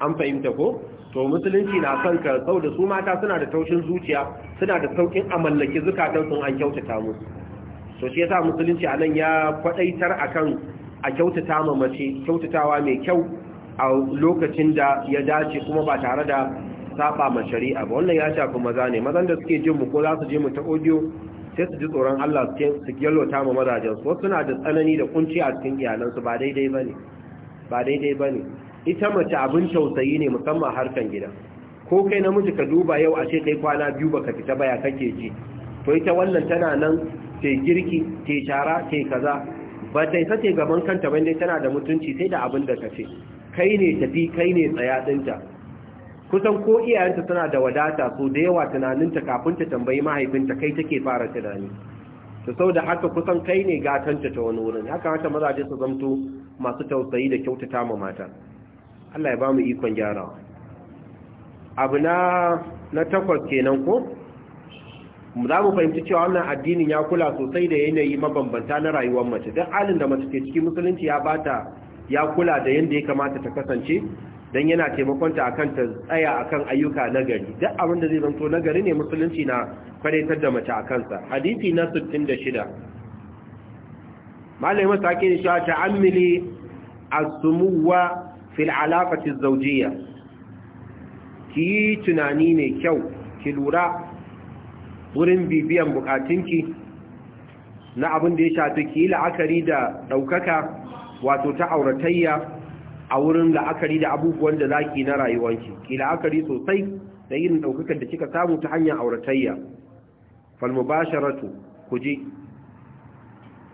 an fahimta ko to musulunci na son ka sau da su mata suna da taushin zuciya suna da saukin a mallaki zukatan sun an kyautata musu to shi yasa musulunci nan ya kwadaitar akan a kyautata ma mace kyautatawa mai kyau a lokacin da ya dace kuma ba tare da saba ma shari'a ba wannan ya shafi maza ne mazan da suke jin mu ko za su je mu ta audio sai su ji tsoron Allah su gyallota ma mazajen su wasu da tsanani da kunci a cikin iyalansu ba daidai bane ba daidai bane ita mace abin tausayi ne musamman harkan gida ko kai namiji ka duba yau a ce kai kwana biyu baka fita baya kake ji to ita wannan tana nan te girki te shara te kaza ba ta isa ce gaban kanta bane tana da mutunci sai da abin da kace kai ne tafi kai ne tsaya dinta kusan ko iyayenta tana da wadata so da yawa tunaninta kafin ta tambayi mahaifinta kai take fara tunani to saboda haka kusan kai ne gatanta ta wani wurin haka mata mazaje su zamto masu tausayi da kyautata ma mata Allah ya bamu mu ikon gyarawa abu na takwas kenan ko za mu fahimci cewa wannan addinin ya kula sosai da yanayi mabambanta na rayuwar mace duk halin da mace ke cikin musulunci ya bata ya kula da yadda ya kamata ta kasance don yana taimakon ta akan ta tsaya akan ayyuka na gari duk abin da zai zanto na gari ne musulunci na kwadaitar da mace a kansa. hadisi na 66 malai ake ke cewa ta'ammili asumuwa sumuwa fil alaqati az ki yi tunani mai kyau ki lura wurin bibiyan bukatunki na abin da ya shafi ki yi la'akari da ɗaukaka wato ta auratayya a wurin la'akari da abubuwan da zaki na rayuwanki ki la'akari sosai da irin daukakar da kika samu ta hanyar auratayya falmubasharatu ku ji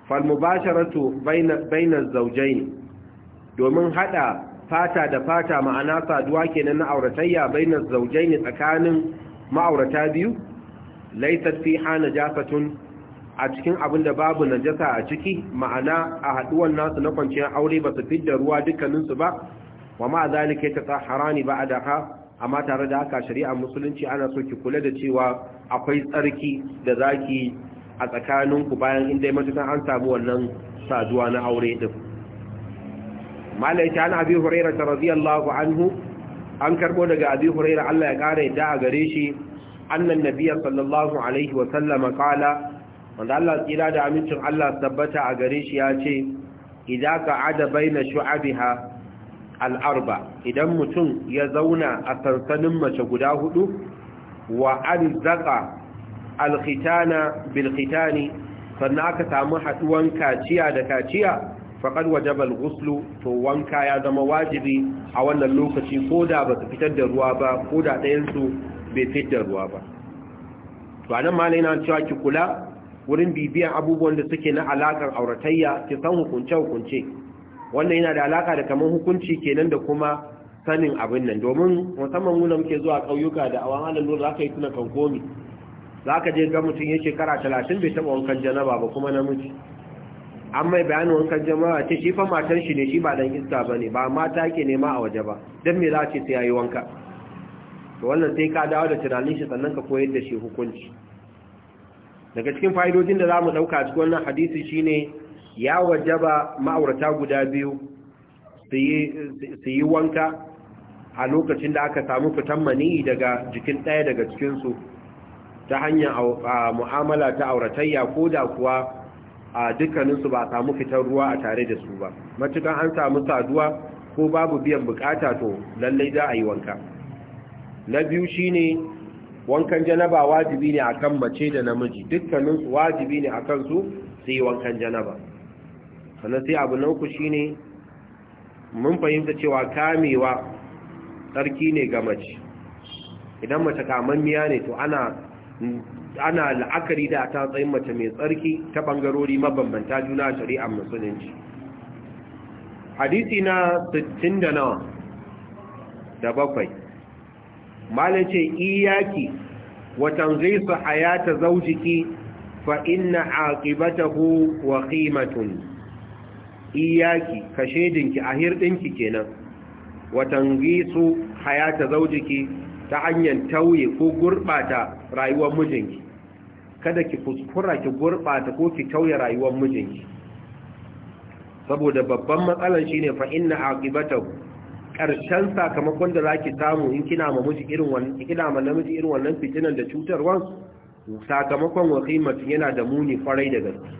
falmubasharatu bainar zaujai ne domin haɗa fata da fata ma'ana saduwa kenan na auratayya bainar zaujai ne tsakanin ma'aurata biyu fi hana tun a cikin abin da babu najasa a ciki ma'ana a haduwan nasu na kwanciyar aure ba su fidda ruwa dukkaninsu ba wa ma zalika a daka amma tare da haka shari'ar musulunci ana so ki kula da cewa akwai tsarki da zaki a tsakaninku bayan inda matukan an samu wannan saduwa na aure din malaika an abi hurairah radiyallahu anhu an karbo daga abi hurairah Allah ya kare yadda a gare shi annan nabiya sallallahu alaihi wa sallama qala wanda Allah tsira da amincin Allah tabbata a gare shi ya ce idan ka ada baina shu'abiha al'arba idan mutum ya zauna a sansanin mace guda huɗu, wa arzaka alkhitana bilkhitani sannan aka samu haduwan kaciya da kaciya faƙar wajabal guslu to wanka ya zama wajibi a wannan lokaci ko da ba fitar da ruwa ba ko da ɗayansu bai da ruwa ba to anan malai na cewa ki kula wurin bibiyan abubuwan da suke na alakan auratayya ki san hukunce hukunce wannan yana da alaka da kaman hukunci kenan da kuma sanin abin nan domin musamman mu muke zuwa kauyuka da awan halin lura zaka yi tuna kankomi zaka je ga mutum ya shekara 30 bai taba wankan janaba ba kuma namiji an mai bayanin wankan janaba ce shi fa matar shi ne shi ba dan iska bane ba mata ke nema a waje ba dan me za ce sai yi wanka to wannan sai ka dawo da tunanin shi sannan ka koyar da shi hukunci daga cikin fa'idojin da za mu ɗauka a cikin wannan hadisi shine ya wajaba ma'aurata guda biyu su yi wanka a lokacin da aka samu fitan mani daga jikin ɗaya daga cikinsu ta hanyar mu'amala ta auratayya ko da kuwa a dukkaninsu ba a samu fitan ruwa a tare da su ba matukan an samu saduwa ko babu biyan bukata to lallai za a yi wanka na biyu shi ne wankan janaba wajibi ne akan mace da namiji dukkanin su wajibi ne akan su su yi wankan janaba sannan sai abu na shi ne, mun fahimta cewa kamewa tsarki ne ga mace idan mace kamammiya ne to ana ana la'akari da ta tsayin mace mai tsarki ta bangarori mabambanta juna a shari'ar musulunci hadisi na 60 da nawa da bakwai malin ce iyaki wa tanzisu hayata zaujiki fa inna aqibatahu wa qimatun iyaki a ahirdinki kenan wa tanzisu hayata zaujiki ta hanyar tauye ko gurbata rayuwar mijinki kada ki kuskura ki gurbata ko ki tauye rayuwar mijinki saboda babban matsalan shine fa inna aqibatahu ƙarshen sakamakon da zaki samu in kina ma miji irin wannan kina ma namiji irin wannan fitinan da cutarwan sakamakon waqimatin yana da muni farai da gaske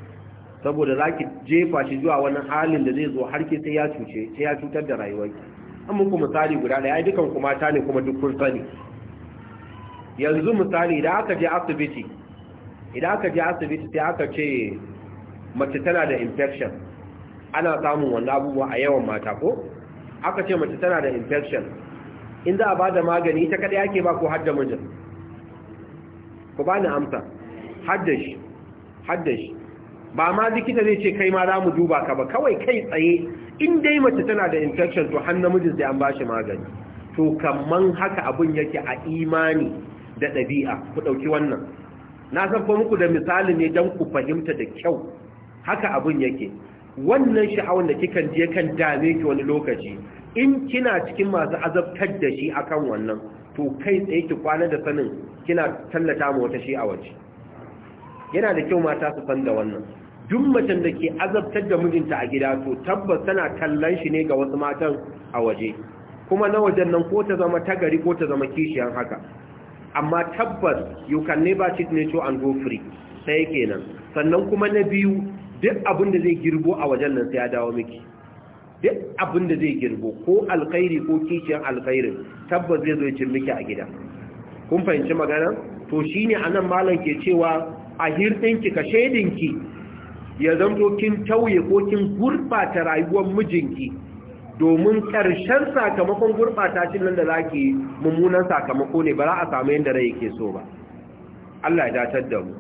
saboda zaki jefa shi zuwa wani halin da zai zo har sai ya cuce sai ya cutar da ki an muku misali guda ɗaya ai dukan kuma ta ne kuma duk kun sani yanzu misali idan aka je asibiti idan aka je asibiti sai aka ce mace tana da infection ana samun wannan abubuwa a yawan mata ko aka ce mace tana da infection in za a ba da magani ita kaɗai yake ba ko hadda mijin ku ba ni amsa hadda shi ba ma likita zai ce kai ma za mu duba ka ba kawai kai tsaye in dai mace tana da infection to har namijin sai an ba shi magani to kamman haka abin yake a imani da ɗabi'a ku ɗauki wannan na san fa muku da misali ne don ku fahimta da kyau haka abin yake wannan sha'awar da kikan je kan dame ki wani lokaci in kina cikin masu azabtar da shi akan wannan to kai tsaye ki kwana da sanin kina tallata mu wata shi a waje yana da kyau mata su san da wannan duk macen da ke azabtar da mijinta a gida to tabbas tana kallon shi ne ga wasu matan a waje kuma na wajen nan ko ta zama tagari ko ta zama kishiyar haka amma tabbas you can never cheat nature and go free sai kenan sannan kuma na biyu duk abin da zai girbo a wajen nan sai ya dawo miki duk abin da zai girbo ko alkhairi ko kishiyar alkhairin tabbas zai zo ya miki a gida kun fahimci magana to shine anan malam ke cewa a hirɗinki ka shaidinki ya zanto kin tauye ko kin gurɓata rayuwar mijinki domin ƙarshen sakamakon gurɓata cin nan da za ki mummunan sakamako ne ba za a samu yadda rai yake so ba Allah ya datar da mu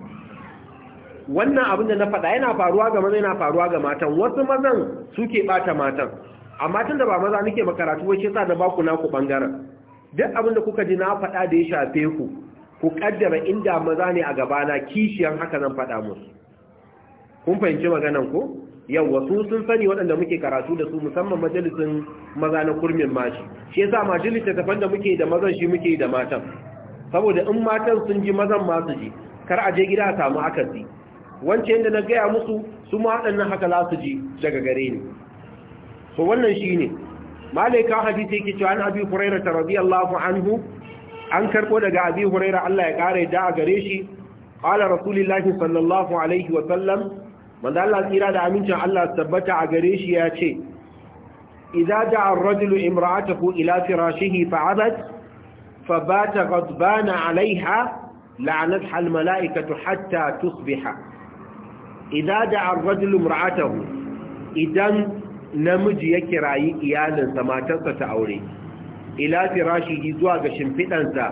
wannan abin da na faɗa yana faruwa ga maza yana faruwa ga matan wasu mazan suke bata matan amma tun da ba maza nake makaratu wai shi sa da baku naku bangaren duk abin da kuka ji na faɗa da ya shafe ku ku kaddara inda maza ne a gaba na kishiyan haka nan faɗa musu kun fahimci maganan ko yau su sun sani waɗanda muke karatu da su musamman majalisin maza na kurmin mashi shi yasa majalis da tafan da muke da mazan shi muke da matan saboda in matan sun ji mazan masu ji kar a je gida a samu akasi wance yadda na gaya musu su ma waɗannan haka za su ji daga gare ni so wannan shi ne malaika hadisi yake cewa an abi huraira ta radiyallahu anhu an karɓo daga abi huraira Allah ya ƙara da a gare shi qala rasulillahi sallallahu alaihi wa sallam manzo Allah tsira da amincin Allah tabbata a gare shi ya ce idza da'a ar-rajulu imra'atahu ila firashihi fa'abat فبات غضبان عليها لعنتها الملائكة حتى تصبح idan da arrajul imra'atahu idan namiji ya kirayi iyalinsa matarsa ta aure ila firashihi zuwa ga shimfidansa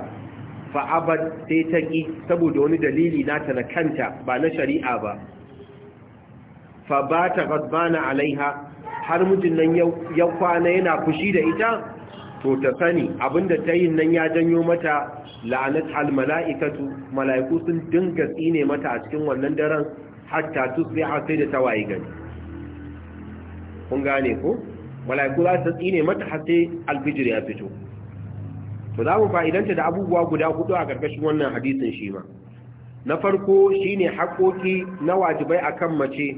fa abad sai ta ki saboda wani dalili nata na kanta ba na shari'a ba fa ba ta ghadbana alaiha har mijin nan ya kwana yana fushi da ita to ta sani abinda ta yin nan ya janyo mata la'anat al mala'ikatu mala'iku sun dinga tsine mata a cikin wannan daren hatta a sai da ta waye gani. kun gane ko malaiku za su tsine mata har sai alfijir ya fito to za mu fa'idanta da abubuwa guda hudu a karkashin wannan hadisin shi ma na farko shine haƙoƙi na wajibai akan mace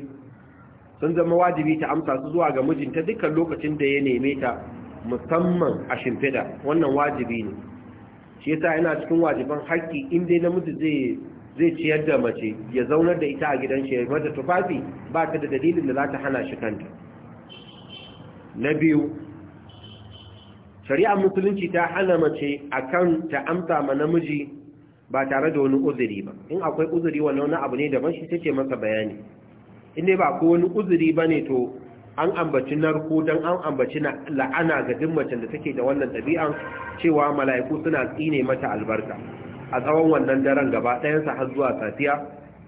sun zama wajibi ta amsa su zuwa ga mijinta dukkan lokacin da ya neme ta musamman a shimfida wannan wajibi ne shi yasa yana cikin wajiban haƙƙi in namiji zai zai ciyar da mace ya zaunar da ita a gidan shi mata tufafi ba ta da dalilin da za ta hana shi kanta na biyu shari'ar musulunci ta hana mace a kan ta amsa ma namiji ba tare da wani uzuri ba in akwai uzuri wannan wani abu ne da daban shi ce masa bayani in ne ba ko wani uzuri ba ne to an ambaci narko don an ambaci la'ana ga duk macen da take da wannan ɗabi'an cewa mala'iku suna tsine mata albarka a tsawon wannan daren gaba ɗayansa har zuwa safiya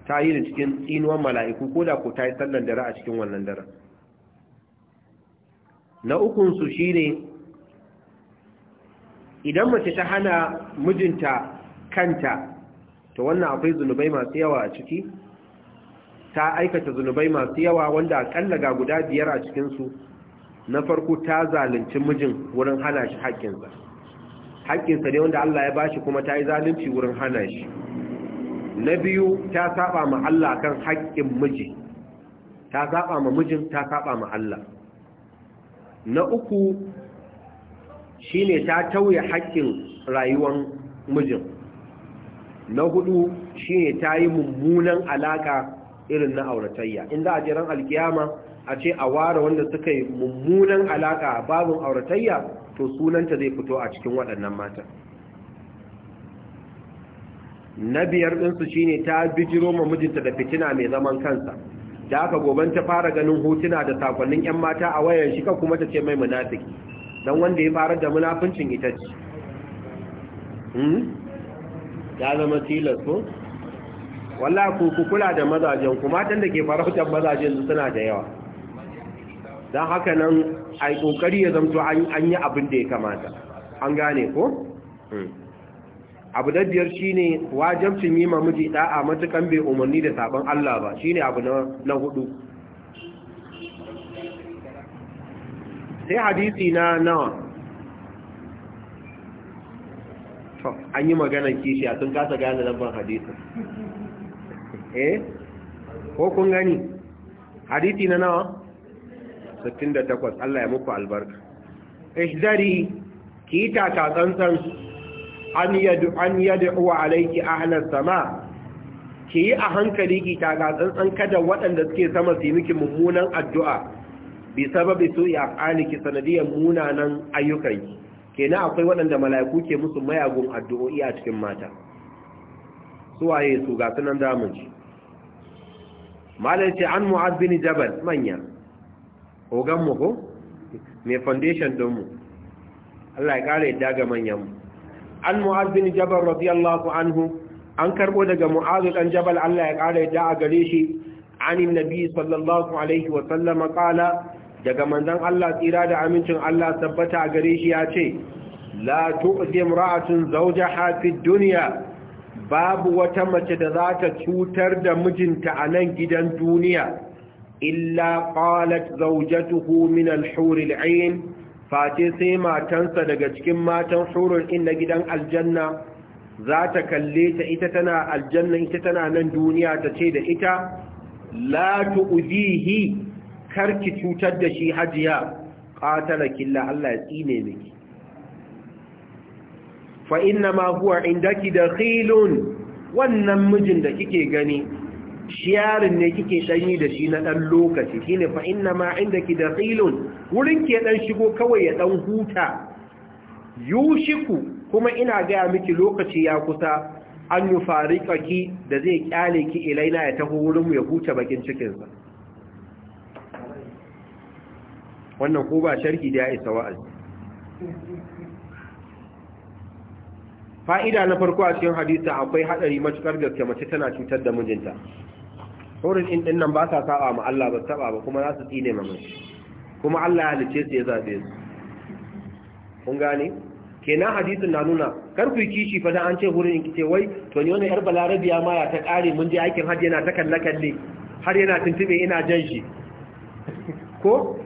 ta yi da cikin tsinuwan mala'iku ko da ko ta yi sallan dare a cikin wannan daren na ukunsu shi ne idan mace ta hana mijinta kanta to wannan akwai zunubai masu yawa a ciki ta aikata zunubai masu yawa wanda akalla ga guda biyar a cikinsu na farko ta zalunci mijin wurin hana shi haƙƙinsa haƙƙinsa ne wanda Allah ya bashi kuma ta yi zalunci wurin hana shi na biyu ta saba ma Allah kan haƙƙin miji ta saba ma mijin ta saba ma Allah na uku shine ta tauye haƙƙin rayuwar mijin na hudu shine ta yi mummunan alaƙa irin na auratayya inda a jiran alkiyama a ce a ware wanda suka yi mummunan alaka a babin auratayya to sunanta zai fito a cikin waɗannan matan na biyar ɗinsu shi ne ta bijiro ma mijinta da fitina mai zaman kansa da aka goban ta fara ganin hotuna da sakonnin 'yan mata a wayan shi ka kuma ta ce mai munafiki don wanda ya fara da munafincin ita ce hmm? ya zama tilas ko wallah ku kula da mazajen kuma matan da ke farautar mazajen suna da yawa don haka nan a yi ƙoƙari ya zamto an yi abin da ya kamata an gane ko? Hmm. abu da biyar shi ne wajabcin yi miji ɗa'a matukan bai umarni da sabon Allah ba shi ne abu na hudu sai hadisi na nawa an yi maganar kishiya sun kasa gane lambar hadisi eh ko kun gani hadisi na nawa 68 Allah ya muku albarka ihdari ki taka tsantsan an yadu an yad'u alayki ahlas sama ki yi a hankali ki taka tsantsan kada waɗanda suke sama su yi miki mummunan addu'a bi sababi su ya aliki sanadiyar munanan Ke kenan akwai waɗanda mala'iku ke musu mayagun addu'o'i a cikin mata suwaye su ga sunan zamanci malar an mu'ad bin jabal manya oganmu ko mai foundation dinmu Allah ya ƙara yadda ga manyanmu an mu'azzin jabal radiyallahu anhu an karbo daga mu'azu dan jabal Allah ya ƙara yadda a gare shi anin nabi sallallahu alaihi wa sallam qala daga manzon Allah tsira da amincin Allah tabbata a gare shi ya ce la tu'zi imra'atun zawjaha fi dunya babu wata mace da za ta cutar da mijinta a nan gidan duniya illa qalat zawjatuhu min al-hur face sai matansa daga cikin matan hurun inna gidan aljanna za ta kalle ta ita tana aljanna ita tana nan duniya ta ce da ita la tu'zihi karki cutar da shi hajiya qatala killa Allah ya tsine miki fa inna ma huwa indaki dakhilun wannan mijin da kike gani shiyarin ne kike danyi da shi na dan lokaci shine fa inna ma indaki daqilun wurin ke dan shigo kawai ya dan huta yushiku kuma ina ga miki lokaci ya kusa an yufarikaki da zai kyale ki ilaina ya taho wurin mu ya huta bakin cikin sa wannan ko ba sharhi da ya isa wa'azi fa'ida na farko a cikin hadisa akwai hadari matukar gaske mace tana cutar da mijinta hurin in din nan ba sa saba ma Allah ba saba ba kuma za su tsine ma mai kuma Allah ya halice su ya zabe su kun gane kenan hadisin na nuna kar ku kishi fa dan an ce hurin in kice wai to ne wannan yar balarabiya ma ya ta kare mun je aikin hajji yana ta kalle kalle har yana tuntube ina jan shi ko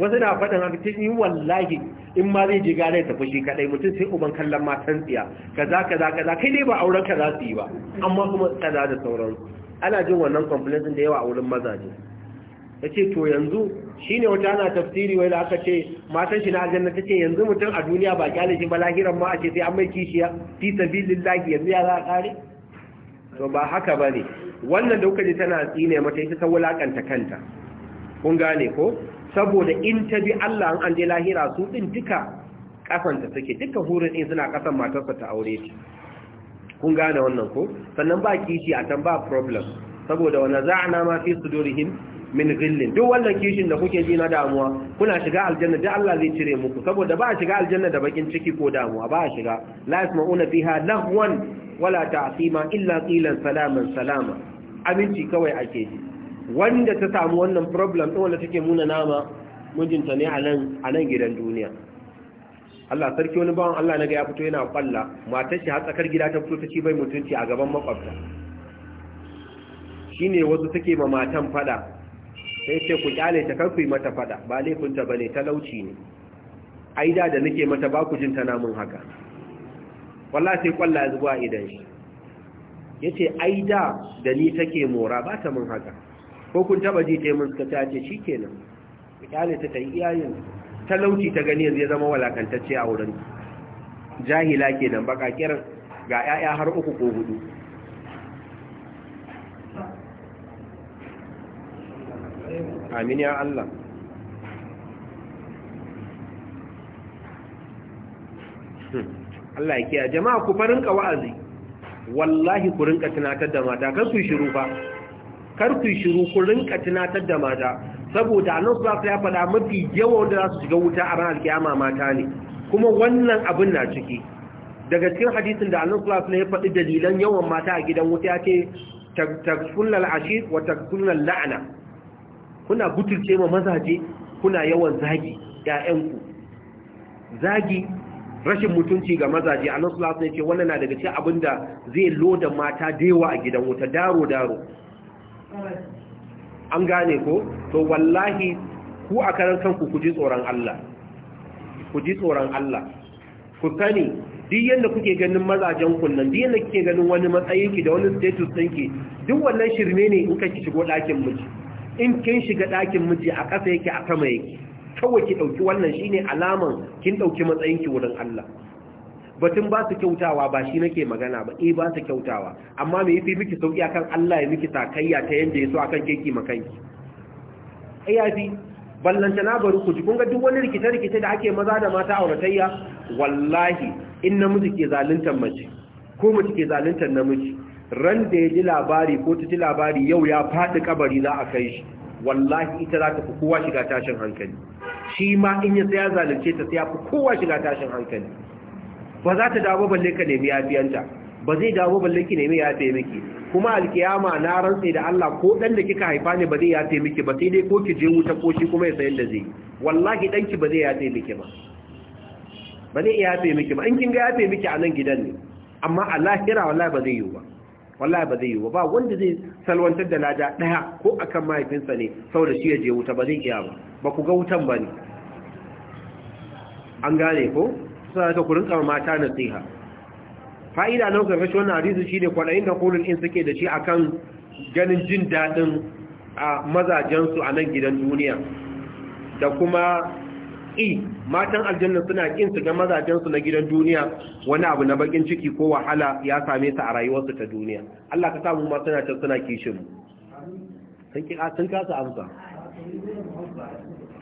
wasu na faɗin haka ce ni wallahi in ma zai je gare ta fushi kaɗai mutum sai uban kallon matan tsiya kaza kaza kaza kai dai ba auren za su yi ba amma kuma kaza da sauransu ana jin wannan complaints da yawa a wurin mazaje yace to yanzu shine wata ana tafsiri wai da aka ce matan shi na aljanna ce yanzu mutum a duniya ba kyale shi ba lahiran ma a ce sai an mai kishiya fi sabilillahi yanzu ya za a kare to ba haka bane wannan da kuka ji tana tsine mata ita ta wulakanta kanta kun gane ko saboda in ta bi Allah an je lahira su din duka kafanta take duka hurin din suna kasan matarsa ta aure ta. kun gane wannan ko sannan ba kishi a can ba problem saboda wani a nama fi dorihin min ghillin duk wannan kishin da kuke ji na damuwa kuna shiga aljanna da Allah zai cire muku saboda ba a shiga aljanna da bakin ciki ko damuwa ba a shiga la yasma'una fiha lahwan wala ta'sima illa qilan salaman salama aminci kawai ake ji wanda ta samu wannan problem din wanda take muna nama mijinta ne a nan a nan gidan duniya Allah sarki wani bawan Allah naga ya fito yana kwalla matar shi har tsakar gida ta fito ta ci bai mutunci a gaban makwabta shine wasu take ma matan fada sai ce ku kyale ta kar ku yi mata fada ba laifin ta bane talauci ne aida da nake mata ba ku jin ta namun haka wallahi sai kwalla ya zuwa idan shi yace aida da ni take mora ba ta mun haka ko kun taba ji ta mun suka ta ce shikenan ku kyale ta ta yi iyayen talauci ta gani yanzu ya zama walakantacce a wurin jahila ke nan baka kiran ga 'ya'ya har uku ko hudu amin ya Allah hmm. Allah ya kiya jama'a ku farinka wa'azi wallahi ku rinka tunatar da mata kar ku shiru ba kar ku shiru ku rinka tunatar da mata saboda annabi ya faɗa mafi yawan da za su shiga wuta a ranar kiyama mata ne kuma wannan abin na ciki daga cikin hadisin da annabi sallallahu alaihi ya faɗi dalilan yawan mata a gidan wuta ya ce ashir wa takfunnal la'na kuna butulce ma mazaje kuna yawan zagi ku?" zagi rashin mutunci ga mazaje annabi sallallahu alaihi wasallam ce wannan na daga cikin abin da zai loda mata da yawa a gidan wuta daro daro an gane ko to wallahi ku a karan kanku ku ji tsoron Allah ku ji tsoron Allah ku sani duk yanda kuke ganin mazajen kunnan duk yanda kuke ganin wani matsayinki da wani status ki duk wannan shirme ne in kake shigo ɗakin miji in kin shiga ɗakin miji a ƙasa yake a sama yake kawai ki ɗauki wannan shine alaman kin ɗauki matsayinki wurin Allah batun ba su kyautawa ba shi nake magana ba eh ba su kyautawa amma me yafi miki sauki akan Allah ya miki takayya ta yanda yaso akan keki makanki ai eh, yafi ballanta na bari ku ji ga duk wani rikice rikice da ake maza da mata auratayya wallahi in namiji ke zaluntar mace ko mace ke zaluntar namiji ran da ya ji labari ko ta ji labari yau ya fadi kabari za a kai shi wallahi ita za ta fi kowa shiga tashin hankali shi ma in ya tsaya zalunce ta sai fi kowa shiga tashin hankali ba za ta dawo balle ka nemi yafiyanta ba zai dawo balle ki nemi yafe miki kuma alkiyama na rantsi da Allah ko dan da kika haifa ne ba zai yafe miki ba sai dai ko ki je wuta ko shi kuma ya sayar da zai wallahi ki ba zai yafe miki ba ba zai yafe miki ba in kin ga yafe miki a nan gidan ne amma a lahira wallahi ba zai yi ba wallahi ba zai yi ba ba wanda zai salwantar da lada daya ko akan mahaifinsa ne saboda shi ya je wuta ba zai iya ba ba ku ga wutan ba ne an gane ko sa ku rinka mata nasiha fa'ida nan karkashin wannan hadisi shine kwadayin da kullun in suke da shi akan ganin jin dadin a mazajen su a nan gidan duniya da kuma i matan aljanna suna kin su ga mazajen su na gidan duniya wani abu na bakin ciki ko wahala ya same su a rayuwarsu ta duniya Allah ka samu ma suna ta suna kishin mu sun ki sun kasa amsa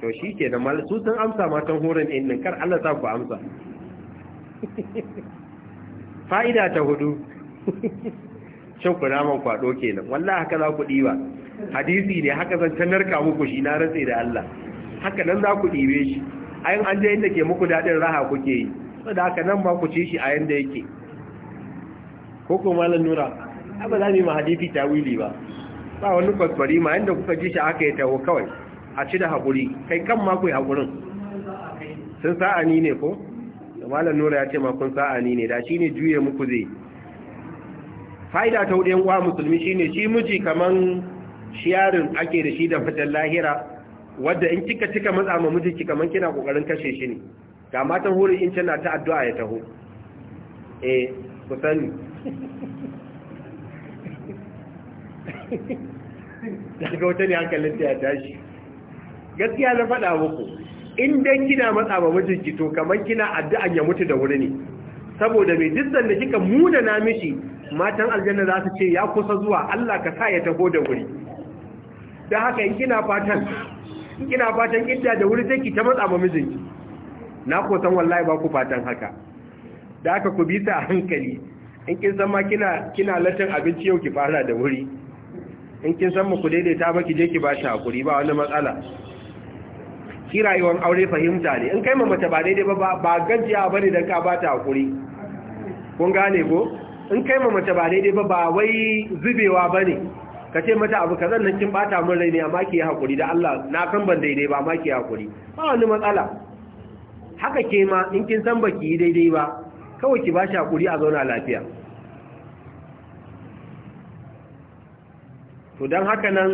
to shikenan mal su sun amsa matan horon din kar Allah ta ku amsa fa'ida ta hudu shan kunaman kwado nan? wallah haka za ku ɗiwa hadisi ne haka zan tanarka muku shi na rantse da Allah haka nan za ku ɗiwe shi ayin an jayin da ke muku daɗin raha kuke yi da haka nan ba ku ci shi a yanda yake ko ko nura ba za mu yi ma hadisi tawili ba ba wani kwasfari ma yadda kuka ji shi aka yi taho kawai a ci da haƙuri kai kan ma ku yi haƙurin sun sa'ani ne ko to nura ya ce makon sa'a ne da shi ne juye muku zai fa'ida ta hudu yan uwa musulmi ne, shi miji kamar shiyarin ake da shi da fatan lahira wadda in kika cika matsa ma mijinki kamar kina kokarin kashe shi ne ga matan huri in tana ta addu'a ya taho eh ku sani daga wata ne hankalin ta ya tashi gaskiya na faɗa muku in dai kina matsa ba mijinki to kamar kina addu'an ya mutu da wuri ne saboda mai dukkan da kika muna na mishi matan aljanna za su ce ya kusa zuwa Allah ka sa ya taho da wuri dan haka in kina fatan kina fatan idda da wuri take ta matsa ba mijinki na ko san wallahi ba ku fatan haka da haka ku bi ta hankali in kin san ma kina kina latin abinci yau ki fara da wuri in kin san mu ku daidaita ba je ki ba shi hakuri ba wani matsala shi rayuwar aure fahimta ne in kai mace ba daidai ba ba gajiya ba ne don ka ba ta haƙuri kun gane ko in kai mace ba daidai ba ba wai zubewa ba ne ka ce mata abu ka nan kin bata min rai ne amma ki haƙuri da Allah na san ban daidai ba amma hakuri haƙuri ba wani matsala haka ke ma in kin san baki yi daidai ba kawai ki ba shi haƙuri a zauna lafiya to don haka nan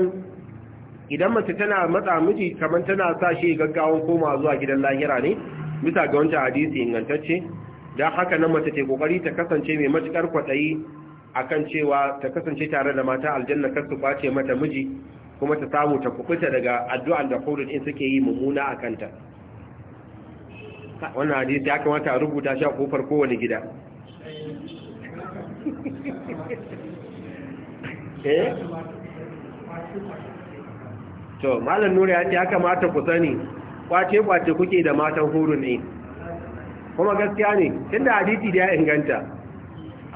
idan mace tana matsa miji kamar tana sa shi gaggawan koma zuwa gidan lahira ne bisa ga wancan hadisi ingantacce da haka nan mace ce kokari ta kasance mai matukar kwatsayi akan cewa ta kasance tare da mata aljanna kar su kwace mata miji kuma ta samu ta kufuta daga addu'an da hudud in suke yi mummuna a kanta wannan hadisi ya kamata a rubuta shi a kofar kowane gida eh to malam nura ya ce ya kamata ku sani kwace kwace kuke da matan huru ne kuma gaskiya ne tunda hadisi da ya inganta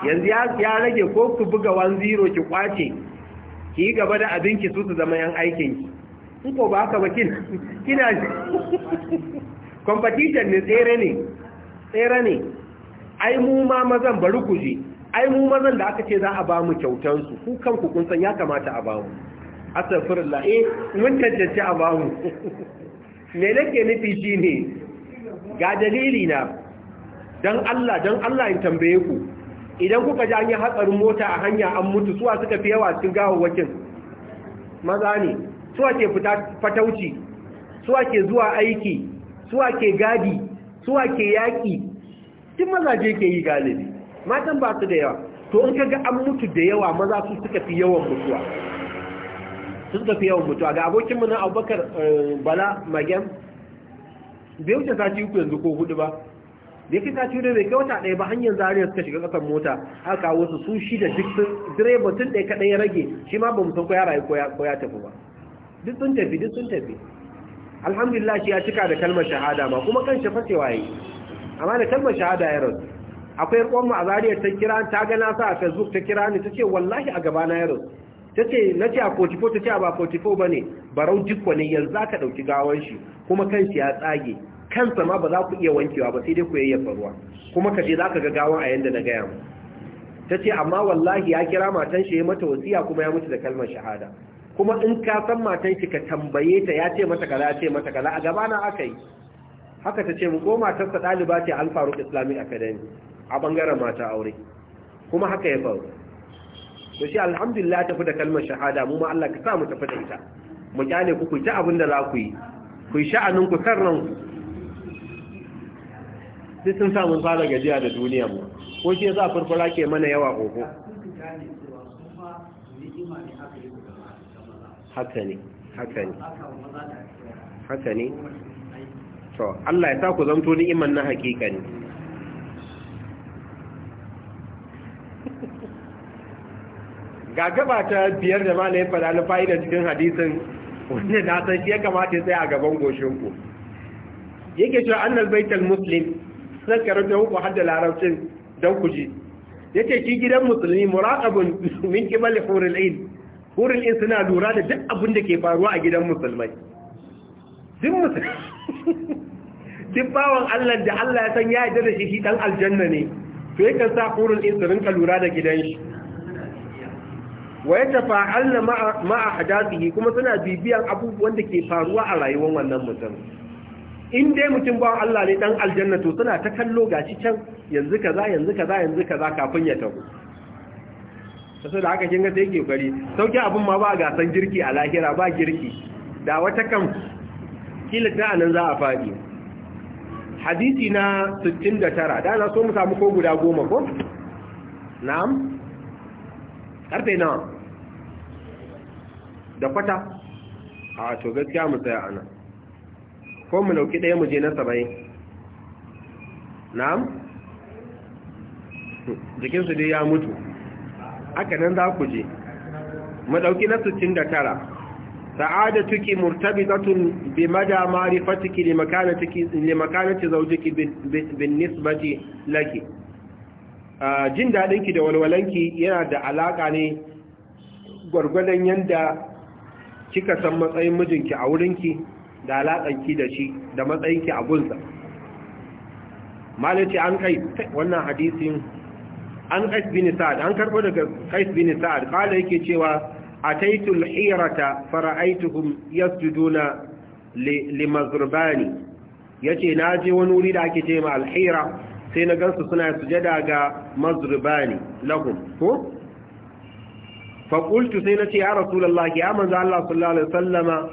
yanzu ya rage ko ku buga 10 ki kwace ki yi gaba da abinki su su zama yan aikin ki in ko ba ka ba kina competition ne tsere ne tsere ne ai mu ma mazan bari ku je ai mu mazan da aka ce za a ba mu kyautansu ku kanku kun san ya kamata a ba mu astaghfirullah eh mun cancanci a bamu me nake nufi ne? ga dalili na don Allah don Allah in tambaye ku idan kuka ji an yi hatsarin mota a hanya an mutu suwa suka fi yawa cikin gawawwakin maza ne suwa ke fatauci suwa ke zuwa aiki suwa ke gadi suwa ke yaƙi tun mazaje ke yi galibi matan ba su da yawa to in kaga an mutu da yawa maza su suka fi yawan mutuwa sun tafi yawan mutuwa ga abokinmu na abubakar eh, bala magem bai wuce sati uku yanzu ko hudu ba da yake sati hudu bai kai wata ɗaya ba hanyar zariya suka shiga ƙasar mota aka kawo su su da duk sun direba tun ɗaya kaɗai ya rage shi ma ba mu san ko ya rayu ko ya tafi ba duk sun tafi duk sun tafi alhamdulillah shi ya cika da kalmar shahada ma kuma kan shi fasewa yi amma da kalmar shahada ya rasu akwai ruwan mu a zariya ta kira ta ga na sa a facebook ta kira ni ta ce wallahi a gabana ya rasu ta ce na ce a 44 ta ce a ba 44 ba ne barau jikwa ne yanzu za ka ɗauki gawon shi kuma kan ya tsage kansa ma ba za ku iya wankewa ba sai dai ku yayyafa ruwa kuma ka je za ka ga gawon a yanda na gaya mu ta ce amma wallahi ya kira matan shi ya mata wasiya kuma ya mutu da kalmar shahada kuma in ka san matan shi ka tambaye ta ya ce mata kaza ya ce mata kaza a gaba na aka yi haka ta ce mu ko matar sa ɗaliba ce Al Islamic Academy a bangaren mata aure kuma haka ya faru to shi alhamdulillah tafi da kalmar shahada mu ma Allah ka sa mu tafi da ita mu kyale ku ku ta abin da za ku yi ku yi sha'anin ku san ranku sai sun sa mun fara gajiya da duniya mu ko shi yasa furfura ke mana yawa koko haka ne haka ne haka ne to Allah ya sa ku zanto ni'iman na hakika ne ga gaba ta biyar da mana ya faɗa na fa'idar cikin hadisin wanda na san shi ya kamata ya tsaya a gaban goshinku yake cewa annal baitul muslim sai karanta muku hadda larabcin don ku ji yake ki gidan musulmi muraqabun min qibal hurul ain hurul in suna lura da duk abin da ke faruwa a gidan musulmai duk musulmi duk bawan Allah da Allah ya san ya yarda da shi shi dan aljanna ne to yakan sa hurul in su rinka lura da gidan shi wa yatafa'alna ma'a hadathihi kuma suna bibiyan abubuwan da ke faruwa a rayuwar wannan mutum in dai mutum ba Allah ne dan aljanna to suna ta kallo gashi can yanzu kaza yanzu kaza yanzu kaza kafin ya tafi sai da haka kinga sai yake bari sauki abun ma ba gasan girki a lahira ba girki da wata kan kila ta anan za a fadi hadisi na sittin da tara, na so mu samu ko guda goma ko na'am karfe nawa da kwata a to gaskiya mu tsaya ana ko mu dauki ɗaya mu je na saba'in na'am jikinsu dai ya mutu aka nan za ku je mu dauki na 69 سعادتك مرتبطة بمدى معرفتك لمكانتك لمكانة bin nisbati laki. jin daɗinki da walwalanki yana da alaƙa ne gwargwadon yadda kika san matsayin mijinki a wurinki da alaƙanki da shi da matsayinki a gunsa malaci an kai wannan hadisin an kais bin sa'ad an karbo daga kais bin sa'ad kala yake cewa ataitul hirata fara'aituhum yasjuduna limazrbani yace je wani wuri da ake cewa al-hira sai na gansu suna sujada ga mazrubani lahum ko faƙultu sai na ce ya rasulallah ya manzo Allah sallallahu alaihi wasallama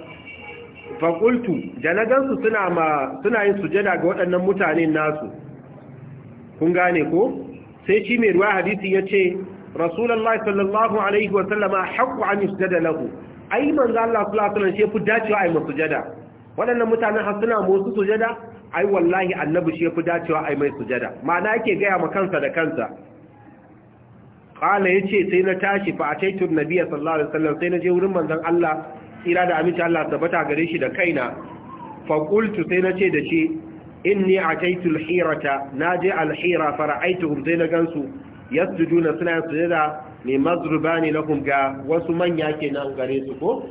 faƙultu da suna ma suna yin sujada ga waɗannan mutanen nasu kun gane ko sai shi mai ruwa hadisi ya ce rasulallah sallallahu alaihi wasallama haƙƙu an yusjada lahu ai manzo Allah sallallahu alaihi wasallam shi fi dacewa ai masujada waɗannan mutanen har suna musu sujada ai wallahi annabi shi fi dacewa ai mai sujada ma'ana yake gaya ma kansa da kansa ya ce sai na tashi fa ataitu nabiyya sallallahu alaihi wasallam sai na je wurin manzon Allah tsira da aminci Allah tabbata gare shi da kaina fa qultu sai na ce da shi inni ataitu alhirata naje alhira fara'aituhum zai na gansu yasjuduna suna sujada ne mazrubani lahum ga wasu manya kenan gare su ko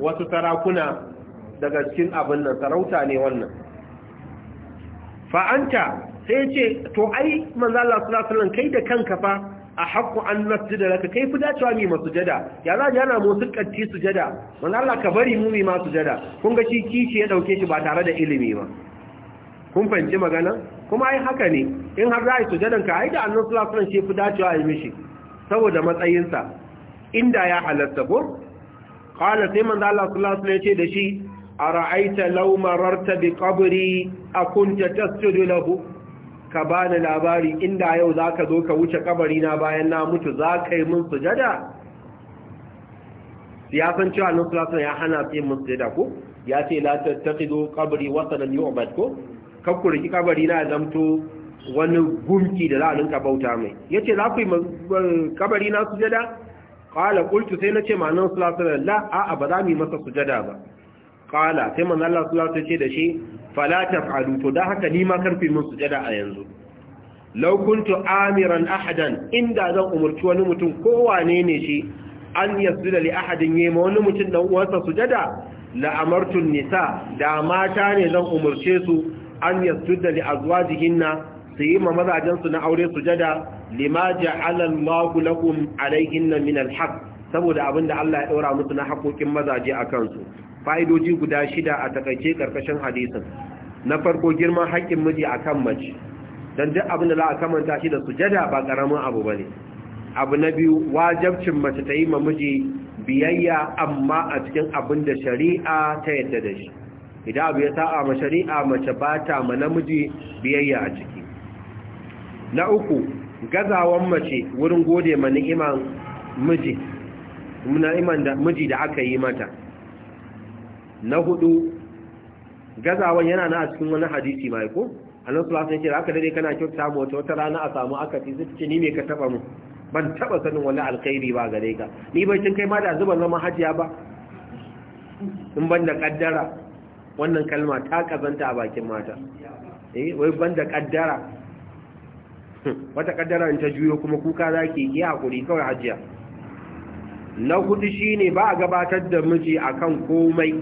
wasu sarakuna daga cikin abin nan sarauta ne wannan fa'anta sai ce to ai manzala sallallahu alaihi wasallam kai da kanka fa a haƙƙu an da laka kai fi dacewa mai masu jada ya za jana mu sukkanci sujada man Allah ka bari mu mai masu jada kun ga shi kishi ya ɗauke shi ba tare da ilimi ba kun fahimci magana kuma ai haka ne in har za a yi jadan ka ai da annabi su lafiyar shi fi dacewa yi mishi saboda matsayinsa inda ya halatta ko kala sai manzo Allah sallallahu ya ce da shi ra'aita law mararta bi a lahu ka bani labari inda yau za ka zo ka wuce kabari na bayan na mutu za ka yi min sujada siyasan cewa nan sulasa ya hana sai mun sujada ko ya ce la tattaqidu qabri wasanan yu'bad ko kakku riki kabari na zamto wani gumki da za a ninka bauta mai Ya ce za ku yi kabari na sujada qala kultu sai na ce ma nan sulasa alaihi la a'a ba za mu yi masa sujada ba qala sai manzo Allah sallallahu ce da shi fala taf'alu da haka ni ma karfi sujada a yanzu law amiran ahadan inda zan umarci wani mutum ko wane ne shi an yasjuda li ahadin ma wani mutum ɗan uwansa sujada la amartu nisa da mata ne zan umarce su an yasjuda li azwajihinna su yi ma mazajen na aure sujada lima Alal, Allahu lakum alaihinna min alhaq saboda da Allah ya daura musu na haƙoƙin mazaje a kansu. fa'idoji guda shida a takaice karkashin hadisin na farko girman haƙƙin miji akan mace dan duk abin da za a kamanta shi da sujada ba karamin abu bane abu na biyu wajabcin mace ta yi ma miji biyayya amma a cikin abin da shari'a ta yadda da shi idan abu ya sa'a ma shari'a mace ba ta ma namiji biyayya a ciki na uku gazawan mace wurin gode ma ni'iman da miji da aka yi mata na hudu gazawan yana na a cikin wani hadisi mai ko annan sulasa ya ce aka dare kana kyauta mu wata wata rana a samu aka ci ce ni me ka taba mu ban taba sanin wani alkhairi ba gare ka ni bai kin kai ma da zuban zama hajiya ba in ban da kaddara wannan kalma ta kazanta a bakin mata eh wai ban da kaddara wata kaddara in ta juyo kuma kuka zaki yi hakuri kawai hajiya na kudi shine ba a gabatar da miji akan komai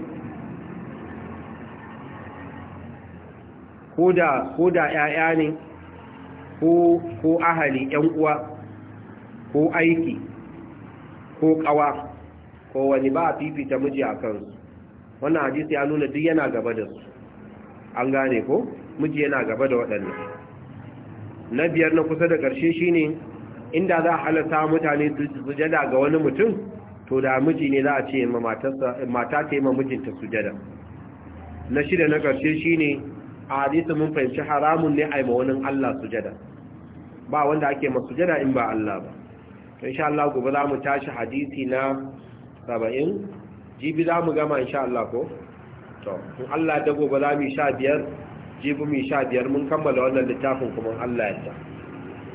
ko da ko da ƴaƴa ne ko ko ahali ƴan uwa ko aiki ko ƙawa ko wani ba a fifita miji a kansu wannan hadisi ya nuna duk yana gaba da su an gane ko miji yana gaba da waɗannan na biyar na kusa da ƙarshe shine inda za a halatta mutane su sujada ga wani mutum to da miji ne za a ce mata ta yi ma mijinta sujada na shida na ƙarshe shine a hadisi mun fahimci haramun ne a yi mawanin Allah sujada ba wanda ake masu sujada in ba Allah ba insha Allah gobe za mu tashi hadisi na saba'in jibi za mu gama insha Allah ko to in Allah da gobe za mu sha biyar jibi mu sha biyar mun kammala wannan littafin kuma Allah ya ta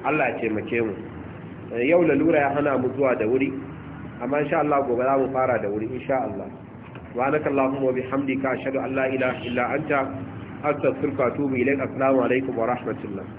Allah ya taimake mu eh, yau lalura ya hana mu zuwa da wuri amma insha Allah gobe za mu fara da wuri insha Allah subhanakallahumma wa bihamdika ashhadu an la ilaha illa anta astaghfiruka wa atubu ilaik assalamu alaikum wa rahmatullah